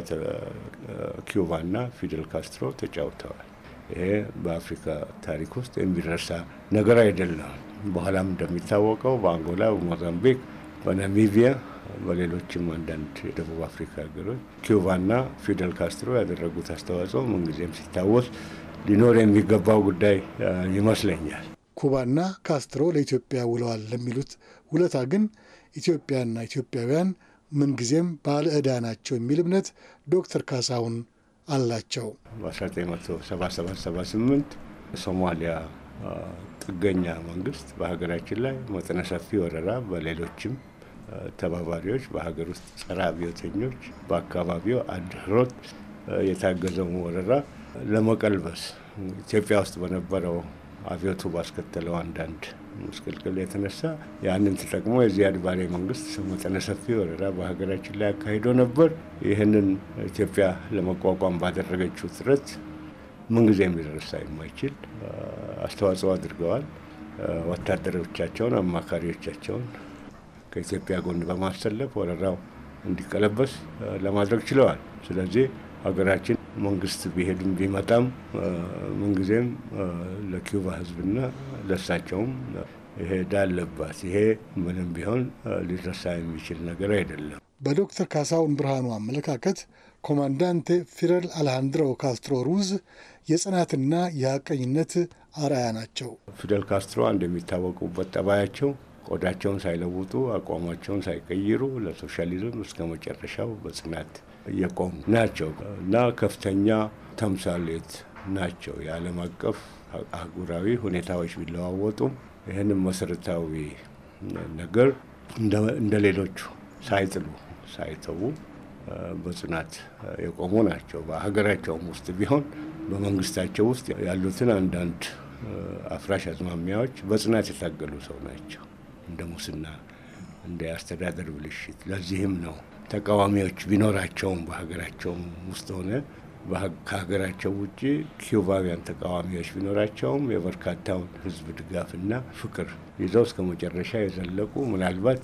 S12: ኪዩባና ፊደል ካስትሮ ተጫውተዋል። ይሄ በአፍሪካ ታሪክ ውስጥ የሚረሳ ነገር አይደለም። በኋላም እንደሚታወቀው በአንጎላ፣ በሞዛምቢክ፣ በናሚቢያ፣ በሌሎችም አንዳንድ የደቡብ አፍሪካ ሀገሮች ኪዩባና ፊደል ካስትሮ ያደረጉት አስተዋጽኦ ምንጊዜም ሲታወስ ሊኖር የሚገባው ጉዳይ ይመስለኛል።
S9: ኩባና ካስትሮ ለኢትዮጵያ ውለዋል ለሚሉት ውለታ ግን ኢትዮጵያና ኢትዮጵያውያን ምንጊዜም ባለ ዕዳ ናቸው የሚል እምነት ዶክተር ካሳሁን አላቸው።
S12: በ1977 ሶማሊያ ጥገኛ መንግስት በሀገራችን ላይ መጠነ ሰፊ ወረራ በሌሎችም ተባባሪዎች በሀገር ውስጥ ጸረ አብዮተኞች በአካባቢው አድህሮት የታገዘውን ወረራ ለመቀልበስ ኢትዮጵያ ውስጥ በነበረው አብዮቱ ባስከተለው አንዳንድ ምስቅልቅል የተነሳ ያንን ተጠቅሞ የዚህ አድባሬ መንግስት መጠነ ሰፊ ወረራ በሀገራችን ላይ አካሂዶ ነበር። ይህንን ኢትዮጵያ ለመቋቋም ባደረገችው ጥረት ጊዜ የሚደረሳ የማይችል አስተዋጽኦ አድርገዋል። ወታደሮቻቸውን፣ አማካሪዎቻቸውን ከኢትዮጵያ ጎን በማሰለፍ ወረራው እንዲቀለበስ ለማድረግ ችለዋል። ስለዚህ ሀገራችን መንግስት ቢሄድም ቢመጣም ምንጊዜም ለኪዩባ ህዝብና ለሳቸውም ይሄ ዳለባት ይሄ ምንም ቢሆን ሊረሳ የሚችል ነገር አይደለም።
S9: በዶክተር ካሳውን ብርሃኑ አመለካከት ኮማንዳንቴ ፊደል አልሃንድሮ ካስትሮ ሩዝ የጽናትና የሀቀኝነት አርአያ ናቸው።
S12: ፊደል ካስትሮ አንድ የሚታወቁበት ጠባያቸው ቆዳቸውን ሳይለውጡ አቋማቸውን ሳይቀይሩ ለሶሻሊዝም እስከ መጨረሻው በጽናት የቆሙ ናቸው እና ከፍተኛ ተምሳሌት ናቸው። የዓለም አቀፍ አህጉራዊ ሁኔታዎች ቢለዋወጡም ይህንም መሰረታዊ ነገር እንደ ሌሎቹ ሳይጥሉ ሳይተዉ በጽናት የቆሙ ናቸው። በሀገራቸውም ውስጥ ቢሆን በመንግስታቸው ውስጥ ያሉትን አንዳንድ አፍራሽ አዝማሚያዎች በጽናት የታገሉ ሰው ናቸው። እንደ ሙስና፣ እንደ አስተዳደር ብልሽት ለዚህም ነው ተቃዋሚዎች ቢኖራቸውም በሀገራቸውም ውስጥ ሆነ ከሀገራቸው ውጭ ኪዩባውያን ተቃዋሚዎች ቢኖራቸውም የበርካታውን ሕዝብ ድጋፍና ፍቅር ይዘው እስከ መጨረሻ የዘለቁ ምናልባት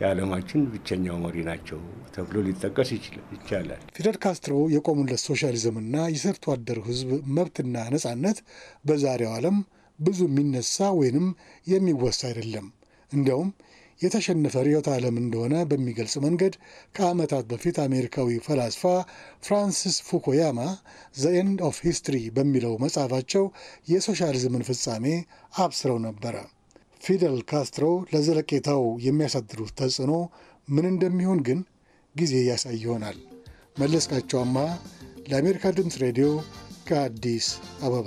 S12: የዓለማችን ብቸኛው መሪ ናቸው ተብሎ ሊጠቀስ ይቻላል።
S9: ፊደል ካስትሮ የቆሙለት ሶሻሊዝምና የሰርቶ አደር ሕዝብ መብትና ነጻነት በዛሬው ዓለም ብዙ የሚነሳ ወይንም የሚወሳ አይደለም። እንዲያውም የተሸነፈ ርዕዮተ ዓለም እንደሆነ በሚገልጽ መንገድ ከዓመታት በፊት አሜሪካዊ ፈላስፋ ፍራንሲስ ፉኮያማ ዘ ኤንድ ኦፍ ሂስትሪ በሚለው መጽሐፋቸው የሶሻሊዝምን ፍጻሜ አብስረው ነበረ። ፊደል ካስትሮ ለዘለቄታው የሚያሳድሩት ተጽዕኖ ምን እንደሚሆን ግን ጊዜ ያሳይ ይሆናል። መለስካቸው አማሃ ለአሜሪካ ድምፅ ሬዲዮ ከአዲስ አበባ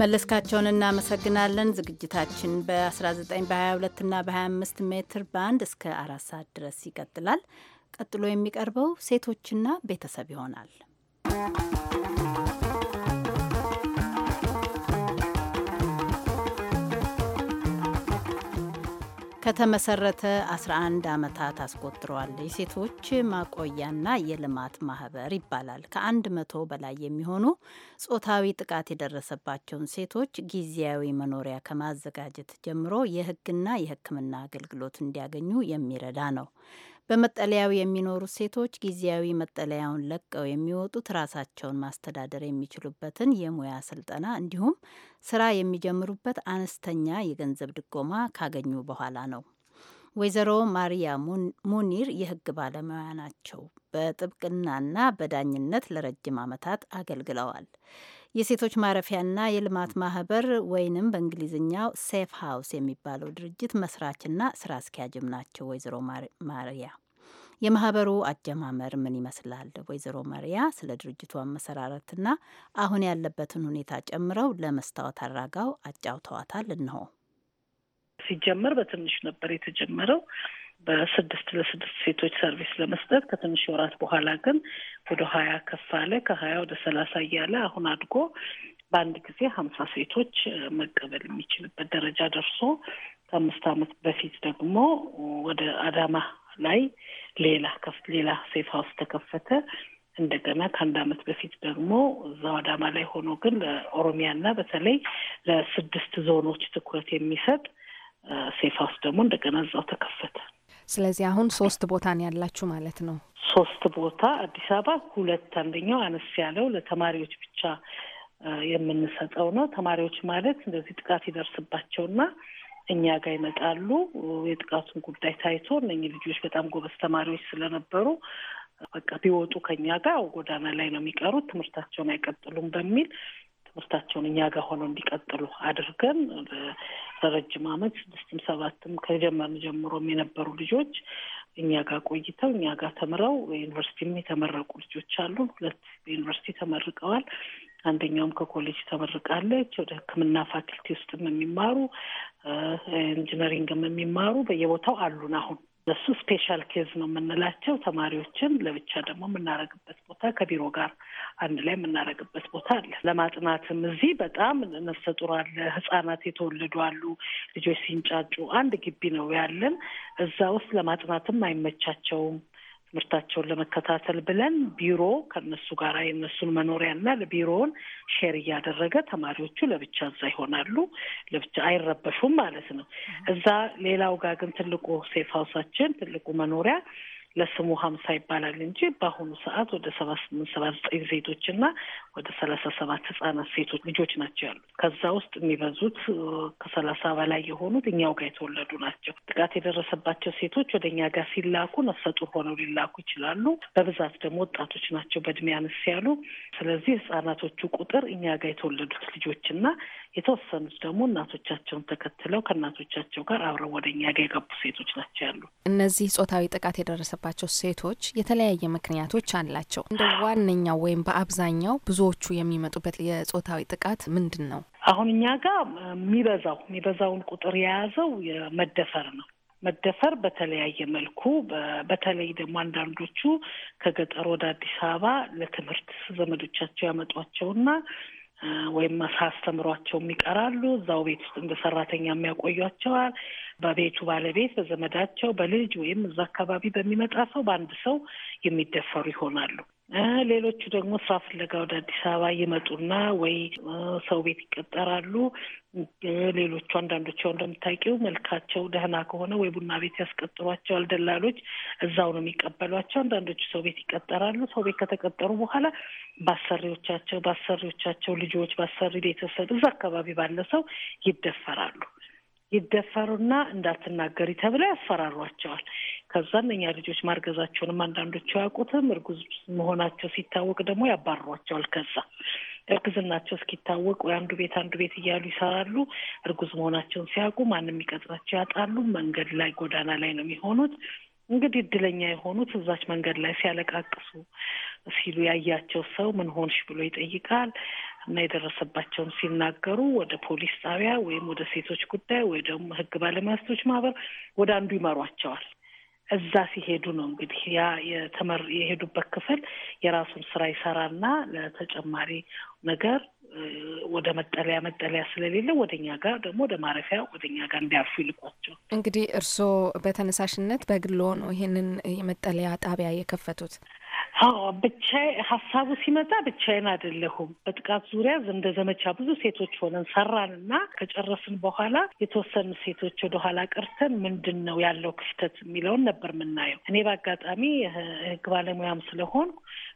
S2: መለስካቸውን እናመሰግናለን። ዝግጅታችን በ19 በ22 እና በ25 ሜትር ባንድ እስከ አራት ሰዓት ድረስ ይቀጥላል። ቀጥሎ የሚቀርበው ሴቶችና ቤተሰብ ይሆናል። ከተመሰረተ 11 ዓመታት አስቆጥሯል። የሴቶች ማቆያና የልማት ማህበር ይባላል። ከአንድ መቶ በላይ የሚሆኑ ጾታዊ ጥቃት የደረሰባቸውን ሴቶች ጊዜያዊ መኖሪያ ከማዘጋጀት ጀምሮ የሕግና የሕክምና አገልግሎት እንዲያገኙ የሚረዳ ነው። በመጠለያው የሚኖሩ ሴቶች ጊዜያዊ መጠለያውን ለቀው የሚወጡት ራሳቸውን ማስተዳደር የሚችሉበትን የሙያ ስልጠና እንዲሁም ስራ የሚጀምሩበት አነስተኛ የገንዘብ ድጎማ ካገኙ በኋላ ነው። ወይዘሮ ማሪያ ሙኒር የህግ ባለሙያ ናቸው። በጥብቅናና በዳኝነት ለረጅም ዓመታት አገልግለዋል። የሴቶች ማረፊያና የልማት ማህበር ወይንም በእንግሊዝኛው ሴፍ ሀውስ የሚባለው ድርጅት መስራችና ስራ አስኪያጅም ናቸው ወይዘሮ ማሪያ። የማህበሩ አጀማመር ምን ይመስላል? ወይዘሮ ማሪያ ስለ ድርጅቱ አመሰራረትና አሁን ያለበትን ሁኔታ ጨምረው ለመስታወት አራጋው አጫውተዋታል። እንሆ ሲጀመር በትንሽ
S3: ነበር የተጀመረው። በስድስት ለስድስት ሴቶች ሰርቪስ ለመስጠት ከትንሽ ወራት በኋላ ግን ወደ ሀያ ከፍ አለ። ከሀያ ወደ ሰላሳ እያለ አሁን አድጎ በአንድ ጊዜ ሀምሳ ሴቶች መቀበል የሚችልበት ደረጃ ደርሶ ከአምስት ዓመት በፊት ደግሞ ወደ አዳማ ላይ ሌላ ከፍ ሌላ ሴፍ ሀውስ ተከፈተ። እንደገና ከአንድ ዓመት በፊት ደግሞ እዛው አዳማ ላይ ሆኖ ግን ለኦሮሚያና በተለይ ለስድስት ዞኖች ትኩረት የሚሰጥ ሴፍ ሀውስ ደግሞ እንደገና እዛው ተከፈተ።
S13: ስለዚህ አሁን ሶስት ቦታ ነው ያላችሁ ማለት ነው። ሶስት ቦታ አዲስ አበባ ሁለት፣ አንደኛው አነስ ያለው ለተማሪዎች ብቻ የምንሰጠው
S3: ነው። ተማሪዎች ማለት እንደዚህ ጥቃት ይደርስባቸውና እኛ ጋር ይመጣሉ። የጥቃቱን ጉዳይ ታይቶ እነኚህ ልጆች በጣም ጎበዝ ተማሪዎች ስለነበሩ በቃ ቢወጡ ከኛ ጋር ጎዳና ላይ ነው የሚቀሩት፣ ትምህርታቸውን አይቀጥሉም በሚል ትምህርታቸውን እኛ ጋር ሆነው እንዲቀጥሉ አድርገን ለረጅም ዓመት ስድስትም ሰባትም ከጀመርን ጀምሮም የነበሩ ልጆች እኛ ጋር ቆይተው እኛ ጋር ተምረው ዩኒቨርሲቲም የተመረቁ ልጆች አሉ። ሁለት በዩኒቨርሲቲ ተመርቀዋል። አንደኛውም ከኮሌጅ ተመርቃለች። ወደ ሕክምና ፋክልቲ ውስጥም የሚማሩ ኢንጂነሪንግም የሚማሩ በየቦታው አሉን አሁን እሱ ስፔሻል ኬዝ ነው የምንላቸው ተማሪዎችን ለብቻ ደግሞ የምናረግበት ቦታ ከቢሮ ጋር አንድ ላይ የምናረግበት ቦታ አለ። ለማጥናትም እዚህ በጣም ነፍሰ ጡር አለ፣ ህጻናት የተወለዱ አሉ፣ ልጆች ሲንጫጩ አንድ ግቢ ነው ያለን። እዛ ውስጥ ለማጥናትም አይመቻቸውም። ምርታቸውን ለመከታተል ብለን ቢሮ ከነሱ ጋር የነሱን መኖሪያና ቢሮውን ሼር እያደረገ ተማሪዎቹ ለብቻ እዛ ይሆናሉ፣ ለብቻ አይረበሹም ማለት ነው። እዛ ሌላው ጋር ግን ትልቁ ሴፍ ሀውሳችን ትልቁ መኖሪያ ለስሙ ሀምሳ ይባላል እንጂ በአሁኑ ሰዓት ወደ ሰባ ስምንት ሰባ ዘጠኝ ዜጎች ወደ ሰላሳ ሰባት ህጻናት ሴቶች ልጆች ናቸው ያሉት። ከዛ ውስጥ የሚበዙት ከሰላሳ በላይ የሆኑት እኛው ጋር የተወለዱ ናቸው። ጥቃት የደረሰባቸው ሴቶች ወደ እኛ ጋር ሲላኩ ነፍሰ ጡር ሆነው ሊላኩ ይችላሉ። በብዛት ደግሞ ወጣቶች ናቸው በእድሜ አነስ ያሉ። ስለዚህ ህጻናቶቹ ቁጥር እኛ ጋር የተወለዱት ልጆች የተወሰኑት ደግሞ እናቶቻቸውን ተከትለው ከእናቶቻቸው ጋር አብረው ወደ እኛ ጋር የገቡ ሴቶች ናቸው ያሉ
S13: እነዚህ ጾታዊ ጥቃት የደረሰ የሚደረስባቸው ሴቶች የተለያየ ምክንያቶች አላቸው። እንደ ዋነኛው ወይም በአብዛኛው ብዙዎቹ የሚመጡበት የጾታዊ ጥቃት ምንድን ነው?
S3: አሁን እኛ ጋር የሚበዛው የሚበዛውን ቁጥር የያዘው መደፈር ነው። መደፈር በተለያየ መልኩ በተለይ ደግሞ አንዳንዶቹ ከገጠር ወደ አዲስ አበባ ለትምህርት ዘመዶቻቸው ያመጧቸውና ወይም ሳስተምሯቸውም ይቀራሉ። እዛው ቤት ውስጥ እንደ ሰራተኛ የሚያቆያቸዋል። በቤቱ ባለቤት፣ በዘመዳቸው፣ በልጅ ወይም እዛ አካባቢ በሚመጣ ሰው በአንድ ሰው የሚደፈሩ ይሆናሉ። ሌሎቹ ደግሞ ስራ ፍለጋ ወደ አዲስ አበባ ይመጡና ወይ ሰው ቤት ይቀጠራሉ። ሌሎቹ አንዳንዶች ያው እንደምታውቂው መልካቸው ደህና ከሆነ ወይ ቡና ቤት ያስቀጥሯቸዋል ደላሎች፣ እዛው ነው የሚቀበሏቸው። አንዳንዶቹ ሰው ቤት ይቀጠራሉ። ሰው ቤት ከተቀጠሩ በኋላ ባሰሪዎቻቸው ባሰሪዎቻቸው ልጆች፣ ባሰሪ ቤተሰብ፣ እዛ አካባቢ ባለ ሰው ይደፈራሉ። ይደፈሩና እንዳትናገሪ ተብለው ያስፈራሯቸዋል። ከዛም እኛ ልጆች ማርገዛቸውንም አንዳንዶቹ ያውቁትም እርጉዝ መሆናቸው ሲታወቅ ደግሞ ያባሯቸዋል። ከዛ እርግዝናቸው እስኪታወቅ ወይ አንዱ ቤት አንዱ ቤት እያሉ ይሰራሉ። እርጉዝ መሆናቸውን ሲያውቁ ማንም የሚቀጥራቸው ያጣሉ። መንገድ ላይ ጎዳና ላይ ነው የሚሆኑት። እንግዲህ እድለኛ የሆኑት እዛች መንገድ ላይ ሲያለቃቅሱ ሲሉ ያያቸው ሰው ምን ሆንሽ ብሎ ይጠይቃል። እና የደረሰባቸውን ሲናገሩ ወደ ፖሊስ ጣቢያ ወይም ወደ ሴቶች ጉዳይ ወይ ደግሞ ሕግ ባለሙያቶች ማህበር ወደ አንዱ ይመሯቸዋል። እዛ ሲሄዱ ነው እንግዲህ ያ የተመር የሄዱበት ክፍል የራሱን ስራ ይሰራና ለተጨማሪ ነገር ወደ መጠለያ መጠለያ ስለሌለ ወደኛ ጋር ደግሞ ወደ ማረፊያ ወደኛ ጋር እንዲያርፉ ይልቋቸው።
S13: እንግዲህ እርስዎ በተነሳሽነት በግሎ ነው ይሄንን የመጠለያ ጣቢያ የከፈቱት? አዎ ብቻዬ ሀሳቡ ሲመጣ ብቻዬን አይደለሁም። በጥቃት ዙሪያ እንደ ዘመቻ ብዙ
S3: ሴቶች ሆነን ሰራን እና ከጨረስን በኋላ የተወሰኑ ሴቶች ወደኋላ ቀርተን ምንድን ነው ያለው ክፍተት የሚለውን ነበር የምናየው። እኔ በአጋጣሚ ህግ ባለሙያም ስለሆን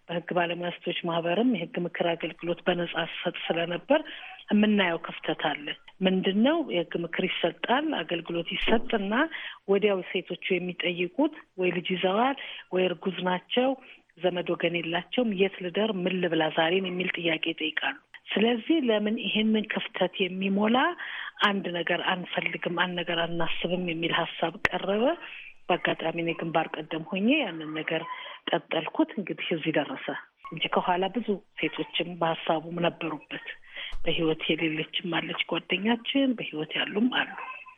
S3: በህግ ባለሙያ ሴቶች ማህበርም የህግ ምክር አገልግሎት በነጻ ሰጥ ስለነበር የምናየው ክፍተት አለ። ምንድን ነው የህግ ምክር ይሰጣል፣ አገልግሎት ይሰጥና ወዲያው ሴቶቹ የሚጠይቁት ወይ ልጅ ይዘዋል ወይ እርጉዝ ናቸው ዘመድ ወገን የላቸውም። የት ልደር፣ ምን ልብላ ዛሬን የሚል ጥያቄ ይጠይቃሉ። ስለዚህ ለምን ይህንን ክፍተት የሚሞላ አንድ ነገር አንፈልግም፣ አንድ ነገር አናስብም የሚል ሀሳብ ቀረበ። በአጋጣሚ እኔ ግንባር ቀደም ሆኜ ያንን ነገር ቀጠልኩት። እንግዲህ እዚህ ደረሰ እንጂ ከኋላ ብዙ ሴቶችም በሀሳቡም ነበሩበት። በህይወት
S13: የሌለችም አለች ጓደኛችን፣ በህይወት ያሉም አሉ።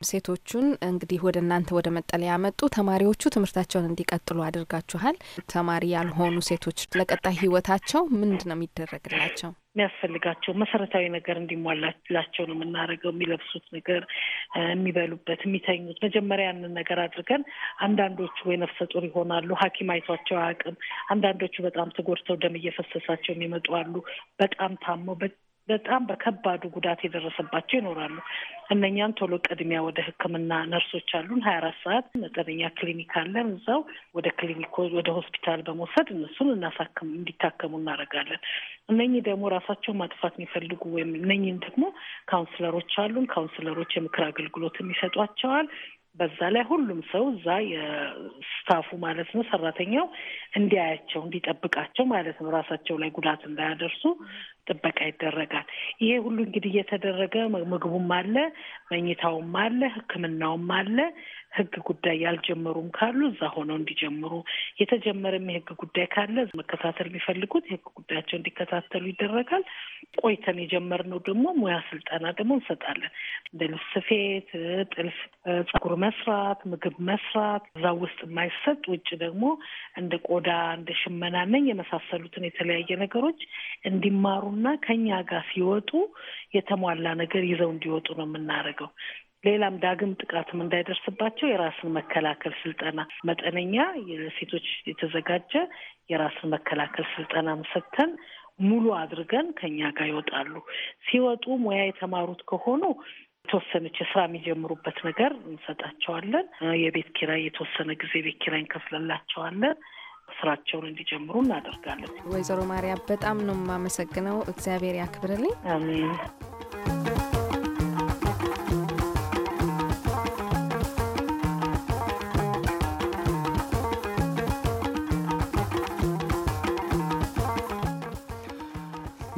S13: ሴቶቹን እንግዲህ ወደ እናንተ ወደ መጠለያ መጡ። ተማሪዎቹ ትምህርታቸውን እንዲቀጥሉ አድርጋችኋል። ተማሪ ያልሆኑ ሴቶች ለቀጣይ ህይወታቸው ምንድን ነው የሚደረግላቸው?
S3: የሚያስፈልጋቸው
S13: መሰረታዊ ነገር
S3: እንዲሟላላቸው ነው የምናደርገው። የሚለብሱት ነገር፣ የሚበሉበት፣ የሚተኙት መጀመሪያ ያንን ነገር አድርገን አንዳንዶቹ ወይ ነፍሰ ጡር ይሆናሉ፣ ሐኪም አይቷቸው አያውቅም። አንዳንዶቹ በጣም ተጎድተው ደም እየፈሰሳቸው የሚመጡ አሉ። በጣም ታመው በጣም በከባዱ ጉዳት የደረሰባቸው ይኖራሉ። እነኛም ቶሎ ቅድሚያ ወደ ሕክምና ነርሶች አሉን። ሀያ አራት ሰዓት መጠነኛ ክሊኒክ አለን። እዛው ወደ ክሊኒክ ወደ ሆስፒታል በመውሰድ እነሱን እናሳክም እንዲታከሙ እናደርጋለን። እነኚህ ደግሞ ራሳቸውን ማጥፋት የሚፈልጉ ወይም እነኚህን ደግሞ ካውንስለሮች አሉን። ካውንስለሮች የምክር አገልግሎትም ይሰጧቸዋል። በዛ ላይ ሁሉም ሰው እዛ የስታፉ ማለት ነው ሰራተኛው እንዲያያቸው እንዲጠብቃቸው ማለት ነው ራሳቸው ላይ ጉዳት እንዳያደርሱ ጥበቃ ይደረጋል። ይሄ ሁሉ እንግዲህ እየተደረገ ምግቡም አለ፣ መኝታውም አለ፣ ሕክምናውም አለ፣ ህግ ጉዳይ ያልጀመሩም ካሉ እዛ ሆነው እንዲጀምሩ፣ የተጀመረም የህግ ጉዳይ ካለ መከታተል የሚፈልጉት የህግ ጉዳያቸው እንዲከታተሉ ይደረጋል። ቆይተን የጀመርነው ደግሞ ሙያ ስልጠና ደግሞ እንሰጣለን። እንደ ልብስ ስፌት፣ ጥልፍ፣ ፀጉር መስራት፣ ምግብ መስራት እዛ ውስጥ የማይሰጥ ውጭ ደግሞ እንደ ቆዳ እንደ ሽመና ነኝ የመሳሰሉትን የተለያየ ነገሮች እንዲማሩና ከኛ ጋር ሲወጡ የተሟላ ነገር ይዘው እንዲወጡ ነው የምናደርገው። ሌላም ዳግም ጥቃትም እንዳይደርስባቸው የራስን መከላከል ስልጠና መጠነኛ የሴቶች የተዘጋጀ የራስን መከላከል ስልጠናም ሰጥተን ሙሉ አድርገን ከኛ ጋር ይወጣሉ። ሲወጡ ሙያ የተማሩት ከሆኑ የተወሰነች የስራ የሚጀምሩበት ነገር እንሰጣቸዋለን። የቤት ኪራይ የተወሰነ ጊዜ ቤት ኪራይ እንከፍለላቸዋለን። ስራቸውን እንዲጀምሩ
S13: እናደርጋለን። ወይዘሮ ማርያም በጣም ነው የማመሰግነው። እግዚአብሔር ያክብርልኝ። አሜን።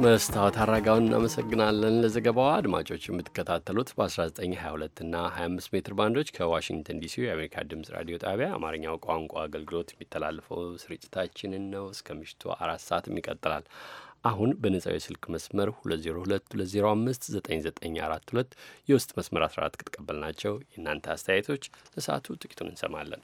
S5: መስታወት አራጋውን እናመሰግናለን ለዘገባዋ። አድማጮች የምትከታተሉት በ1922 እና 25 ሜትር ባንዶች ከዋሽንግተን ዲሲ የአሜሪካ ድምፅ ራዲዮ ጣቢያ አማርኛው ቋንቋ አገልግሎት የሚተላለፈው ስርጭታችንን ነው። እስከ ምሽቱ አራት ሰዓትም ይቀጥላል። አሁን በነጻው የስልክ መስመር 2022059942 የውስጥ መስመር 14 ከተቀበልናቸው የእናንተ አስተያየቶች ለሰዓቱ ጥቂቱን እንሰማለን።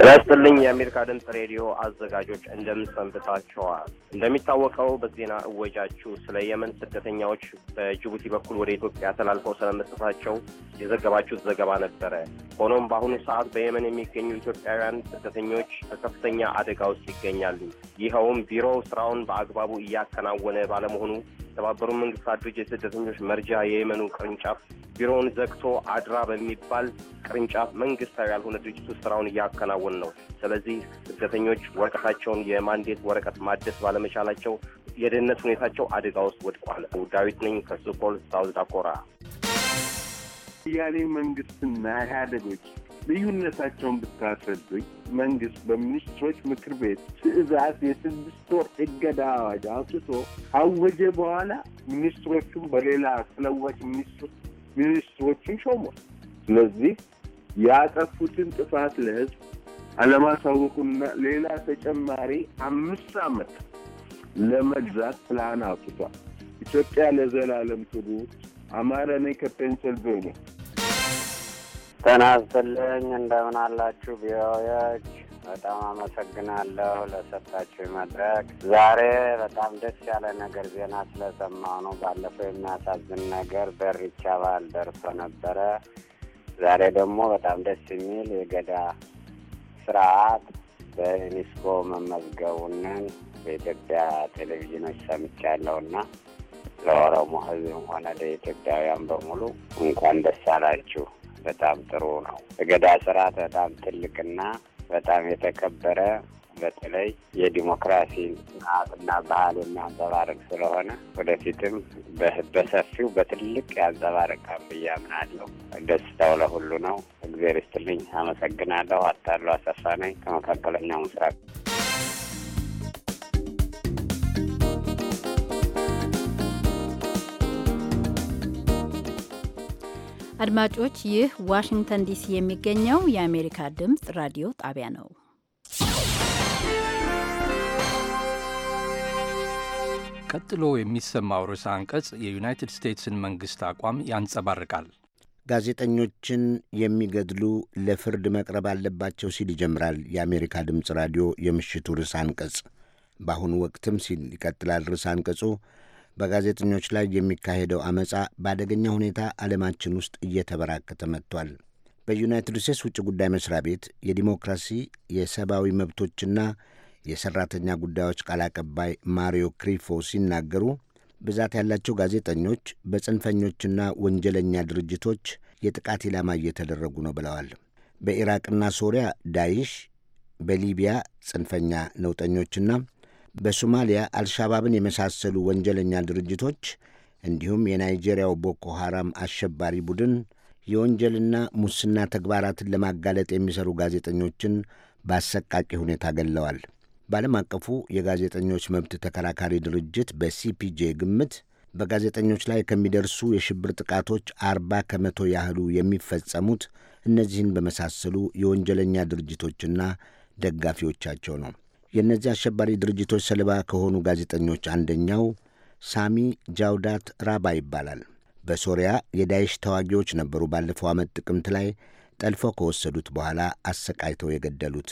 S5: ጤና ይስጥልኝ። የአሜሪካ
S1: ድምፅ ሬዲዮ አዘጋጆች እንደምን ሰንብታችኋል? እንደሚታወቀው በዜና እወጃችሁ ስለ የመን ስደተኛዎች በጅቡቲ በኩል ወደ ኢትዮጵያ ተላልፈው ስለመጠታቸው የዘገባችሁት ዘገባ ነበረ። ሆኖም በአሁኑ ሰዓት በየመን የሚገኙ ኢትዮጵያውያን ስደተኞች በከፍተኛ አደጋ ውስጥ ይገኛሉ። ይኸውም ቢሮው ስራውን በአግባቡ እያከናወነ ባለመሆኑ የተባበሩት መንግስታት ድርጅት የስደተኞች መርጃ የየመኑ ቅርንጫፍ ቢሮውን ዘግቶ አድራ በሚባል ቅርንጫፍ መንግስታዊ ያልሆነ ድርጅቱ ስራውን እያከናወን ነው። ስለዚህ ስደተኞች ወረቀታቸውን የማንዴት ወረቀት ማደስ ባለመቻላቸው የደህንነት ሁኔታቸው አደጋ ውስጥ ወድቋል። ዳዊት ነኝ ከሱኮል ሳውዝ ዳኮራ።
S8: ያኔ መንግስትና ኢህአዴጎች ልዩነታቸውን ብታስረዱኝ መንግስት በሚኒስትሮች ምክር ቤት ትዕዛዝ የስድስት ወር እገዳ አዋጅ አውጥቶ አወጀ በኋላ ሚኒስትሮቹን በሌላ ተለዋጭ ሚኒስትሮችን ሾሟል። ስለዚህ ያጠፉትን ጥፋት ለህዝብ አለማሳወቁና ሌላ ተጨማሪ አምስት ዓመት ለመግዛት ፕላን አውጥቷል። ኢትዮጵያ ለዘላለም ትኑር። አማረ ነኝ ጤና ይስጥልኝ። እንደምን አላችሁ ቪኦኤዎች? በጣም አመሰግናለሁ ለሰጣችሁ መድረክ። ዛሬ በጣም ደስ ያለ ነገር ዜና ስለሰማሁ ነው። ባለፈው የሚያሳዝን ነገር በኢሬቻ በዓል ደርሶ ነበረ። ዛሬ ደግሞ በጣም ደስ የሚል የገዳ ስርዓት በዩኒስኮ መመዝገቡን በኢትዮጵያ ቴሌቪዥኖች ሰምቻለሁና ለኦሮሞ ሕዝብም ሆነ ለኢትዮጵያውያን በሙሉ እንኳን ደስ አላችሁ። በጣም ጥሩ ነው። እገዳ ስርዓት በጣም ትልቅና በጣም የተከበረ በተለይ የዲሞክራሲን ና ባህል የሚያንጸባርቅ ስለሆነ ወደፊትም በሰፊው በትልቅ ያንጸባርቃል ብዬ አምናለሁ። ደስታው ለሁሉ ነው። እግዜር ይስጥልኝ። አመሰግናለሁ። አታሉ አሰፋ ነኝ ከመካከለኛው
S2: ምስራቅ አድማጮች ይህ ዋሽንግተን ዲሲ የሚገኘው የአሜሪካ ድምፅ ራዲዮ ጣቢያ ነው።
S5: ቀጥሎ የሚሰማው ርዕሰ አንቀጽ የዩናይትድ ስቴትስን መንግሥት አቋም ያንጸባርቃል።
S6: ጋዜጠኞችን የሚገድሉ ለፍርድ መቅረብ አለባቸው ሲል ይጀምራል የአሜሪካ ድምፅ ራዲዮ የምሽቱ ርዕሰ አንቀጽ። በአሁኑ ወቅትም ሲል ይቀጥላል ርዕሰ አንቀጹ በጋዜጠኞች ላይ የሚካሄደው አመጻ በአደገኛ ሁኔታ ዓለማችን ውስጥ እየተበራከተ መጥቷል። በዩናይትድ ስቴትስ ውጭ ጉዳይ መስሪያ ቤት የዲሞክራሲ የሰብአዊ መብቶችና የሰራተኛ ጉዳዮች ቃል አቀባይ ማሪዮ ክሪፎ ሲናገሩ ብዛት ያላቸው ጋዜጠኞች በጽንፈኞችና ወንጀለኛ ድርጅቶች የጥቃት ኢላማ እየተደረጉ ነው ብለዋል። በኢራቅና ሶሪያ ዳይሽ፣ በሊቢያ ጽንፈኛ ነውጠኞችና በሶማሊያ አልሻባብን የመሳሰሉ ወንጀለኛ ድርጅቶች እንዲሁም የናይጄሪያው ቦኮ ሐራም አሸባሪ ቡድን የወንጀልና ሙስና ተግባራትን ለማጋለጥ የሚሰሩ ጋዜጠኞችን በአሰቃቂ ሁኔታ ገለዋል። በዓለም አቀፉ የጋዜጠኞች መብት ተከራካሪ ድርጅት በሲፒጄ ግምት በጋዜጠኞች ላይ ከሚደርሱ የሽብር ጥቃቶች አርባ ከመቶ ያህሉ የሚፈጸሙት እነዚህን በመሳሰሉ የወንጀለኛ ድርጅቶችና ደጋፊዎቻቸው ነው። የእነዚህ አሸባሪ ድርጅቶች ሰለባ ከሆኑ ጋዜጠኞች አንደኛው ሳሚ ጃውዳት ራባ ይባላል። በሶሪያ የዳይሽ ተዋጊዎች ነበሩ ባለፈው ዓመት ጥቅምት ላይ ጠልፈው ከወሰዱት በኋላ አሰቃይተው የገደሉት።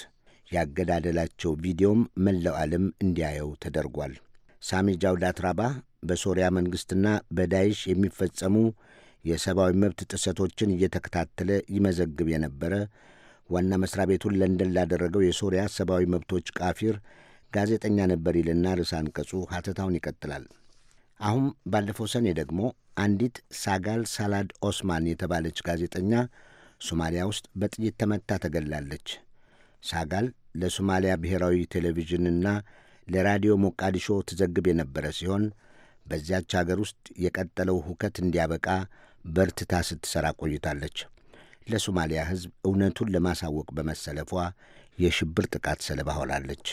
S6: ያገዳደላቸው ቪዲዮም መላው ዓለም እንዲያየው ተደርጓል። ሳሚ ጃውዳት ራባ በሶሪያ መንግሥትና በዳይሽ የሚፈጸሙ የሰብአዊ መብት ጥሰቶችን እየተከታተለ ይመዘግብ የነበረ ዋና መስሪያ ቤቱን ለንደን ላደረገው የሶሪያ ሰብአዊ መብቶች ቃፊር ጋዜጠኛ ነበር ይልና ርዕሰ አንቀጹ ሐተታውን ይቀጥላል። አሁን ባለፈው ሰኔ ደግሞ አንዲት ሳጋል ሳላድ ኦስማን የተባለች ጋዜጠኛ ሶማሊያ ውስጥ በጥይት ተመታ ተገላለች። ሳጋል ለሶማሊያ ብሔራዊ ቴሌቪዥንና ለራዲዮ ሞቃዲሾ ትዘግብ የነበረ ሲሆን በዚያች አገር ውስጥ የቀጠለው ሁከት እንዲያበቃ በርትታ ስትሠራ ቆይታለች። ለሶማሊያ ሕዝብ እውነቱን ለማሳወቅ በመሰለፏ የሽብር ጥቃት ሰለባ ሆናለች።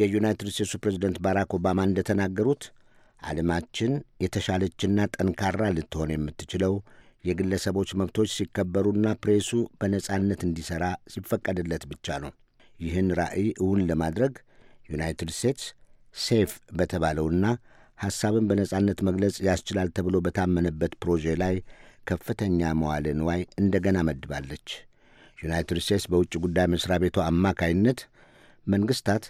S6: የዩናይትድ ስቴትሱ ፕሬዚደንት ባራክ ኦባማ እንደተናገሩት ዓለማችን የተሻለችና ጠንካራ ልትሆን የምትችለው የግለሰቦች መብቶች ሲከበሩና ፕሬሱ በነጻነት እንዲሠራ ሲፈቀድለት ብቻ ነው። ይህን ራዕይ እውን ለማድረግ ዩናይትድ ስቴትስ ሴፍ በተባለውና ሐሳብን በነጻነት መግለጽ ያስችላል ተብሎ በታመነበት ፕሮጄ ላይ ከፍተኛ መዋለ ንዋይ እንደገና መድባለች። ዩናይትድ ስቴትስ በውጭ ጉዳይ መስሪያ ቤቷ አማካይነት መንግስታት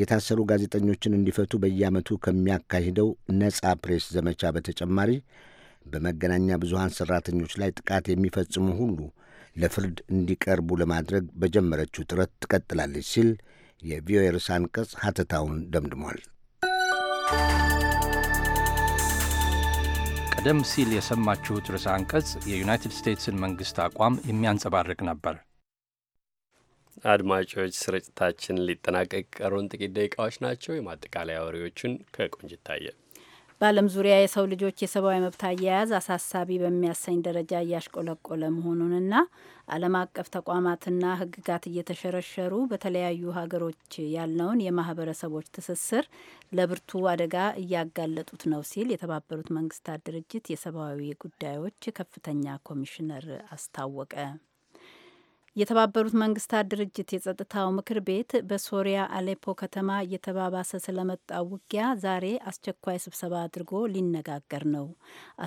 S6: የታሰሩ ጋዜጠኞችን እንዲፈቱ በየዓመቱ ከሚያካሂደው ነጻ ፕሬስ ዘመቻ በተጨማሪ በመገናኛ ብዙሃን ሠራተኞች ላይ ጥቃት የሚፈጽሙ ሁሉ ለፍርድ እንዲቀርቡ ለማድረግ በጀመረችው ጥረት ትቀጥላለች ሲል የቪኦኤ ርዕሰ አንቀጽ ሀተታውን ደምድሟል።
S5: ቀደም ሲል የሰማችሁት ርዕሰ አንቀጽ የዩናይትድ ስቴትስን መንግሥት አቋም የሚያንጸባርቅ ነበር። አድማጮች፣ ስርጭታችን ሊጠናቀቅ ቀሩን ጥቂት ደቂቃዎች ናቸው። የማጠቃለያ ወሬዎችን ከቆንጅ ይታያል።
S2: በዓለም ዙሪያ የሰው ልጆች የሰብአዊ መብት አያያዝ አሳሳቢ በሚያሰኝ ደረጃ እያሽቆለቆለ መሆኑንና ዓለም አቀፍ ተቋማትና ሕግጋት እየተሸረሸሩ በተለያዩ ሀገሮች ያለውን የማህበረሰቦች ትስስር ለብርቱ አደጋ እያጋለጡት ነው ሲል የተባበሩት መንግስታት ድርጅት የሰብአዊ ጉዳዮች ከፍተኛ ኮሚሽነር አስታወቀ። የተባበሩት መንግስታት ድርጅት የጸጥታው ምክር ቤት በሶሪያ አሌፖ ከተማ እየተባባሰ ስለመጣው ውጊያ ዛሬ አስቸኳይ ስብሰባ አድርጎ ሊነጋገር ነው።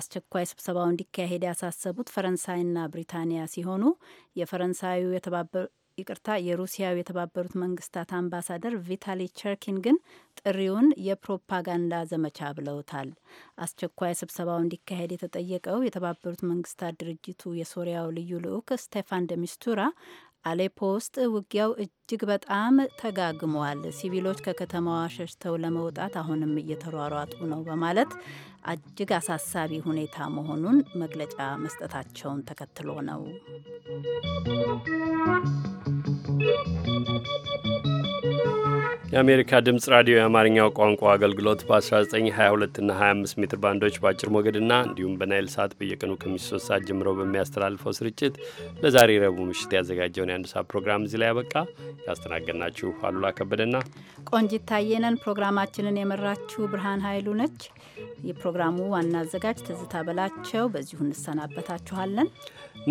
S2: አስቸኳይ ስብሰባው እንዲካሄድ ያሳሰቡት ፈረንሳይና ብሪታንያ ሲሆኑ የፈረንሳዩ ይቅርታ የሩሲያው የተባበሩት መንግስታት አምባሳደር ቪታሊ ቸርኪን ግን ጥሪውን የፕሮፓጋንዳ ዘመቻ ብለውታል። አስቸኳይ ስብሰባው እንዲካሄድ የተጠየቀው የተባበሩት መንግስታት ድርጅቱ የሶሪያው ልዩ ልዑክ ስቴፋን ደሚስቱራ አሌፖ ውስጥ ውጊያው እጅግ በጣም ተጋግሟል። ሲቪሎች ከከተማዋ ሸሽተው ለመውጣት አሁንም እየተሯሯጡ ነው በማለት እጅግ አሳሳቢ ሁኔታ መሆኑን መግለጫ መስጠታቸውን ተከትሎ ነው።
S5: የአሜሪካ ድምፅ ራዲዮ የአማርኛው ቋንቋ አገልግሎት በ1922 እና 25 ሜትር ባንዶች በአጭር ሞገድና እንዲሁም በናይል ሰዓት በየቀኑ ከምሽቱ 3 ሰዓት ጀምሮ በሚያስተላልፈው ስርጭት ለዛሬ ረቡዕ ምሽት ያዘጋጀውን የአንድ ሰዓት ፕሮግራም እዚህ ላይ ያበቃ። ያስተናገድናችሁ አሉላ ከበደና
S2: ቆንጂት ታየነን፣ ፕሮግራማችንን የመራችሁ ብርሃን ኃይሉ ነች። የፕሮግራሙ ዋና አዘጋጅ ትዝታ በላቸው። በዚሁ እንሰናበታችኋለን።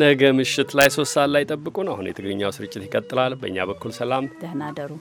S5: ነገ ምሽት ላይ ሶስት ሰዓት ላይ ጠብቁን። አሁን የትግርኛው ስርጭት ይቀጥላል። በእኛ በኩል ሰላም፣ ደህና
S2: ደሩ።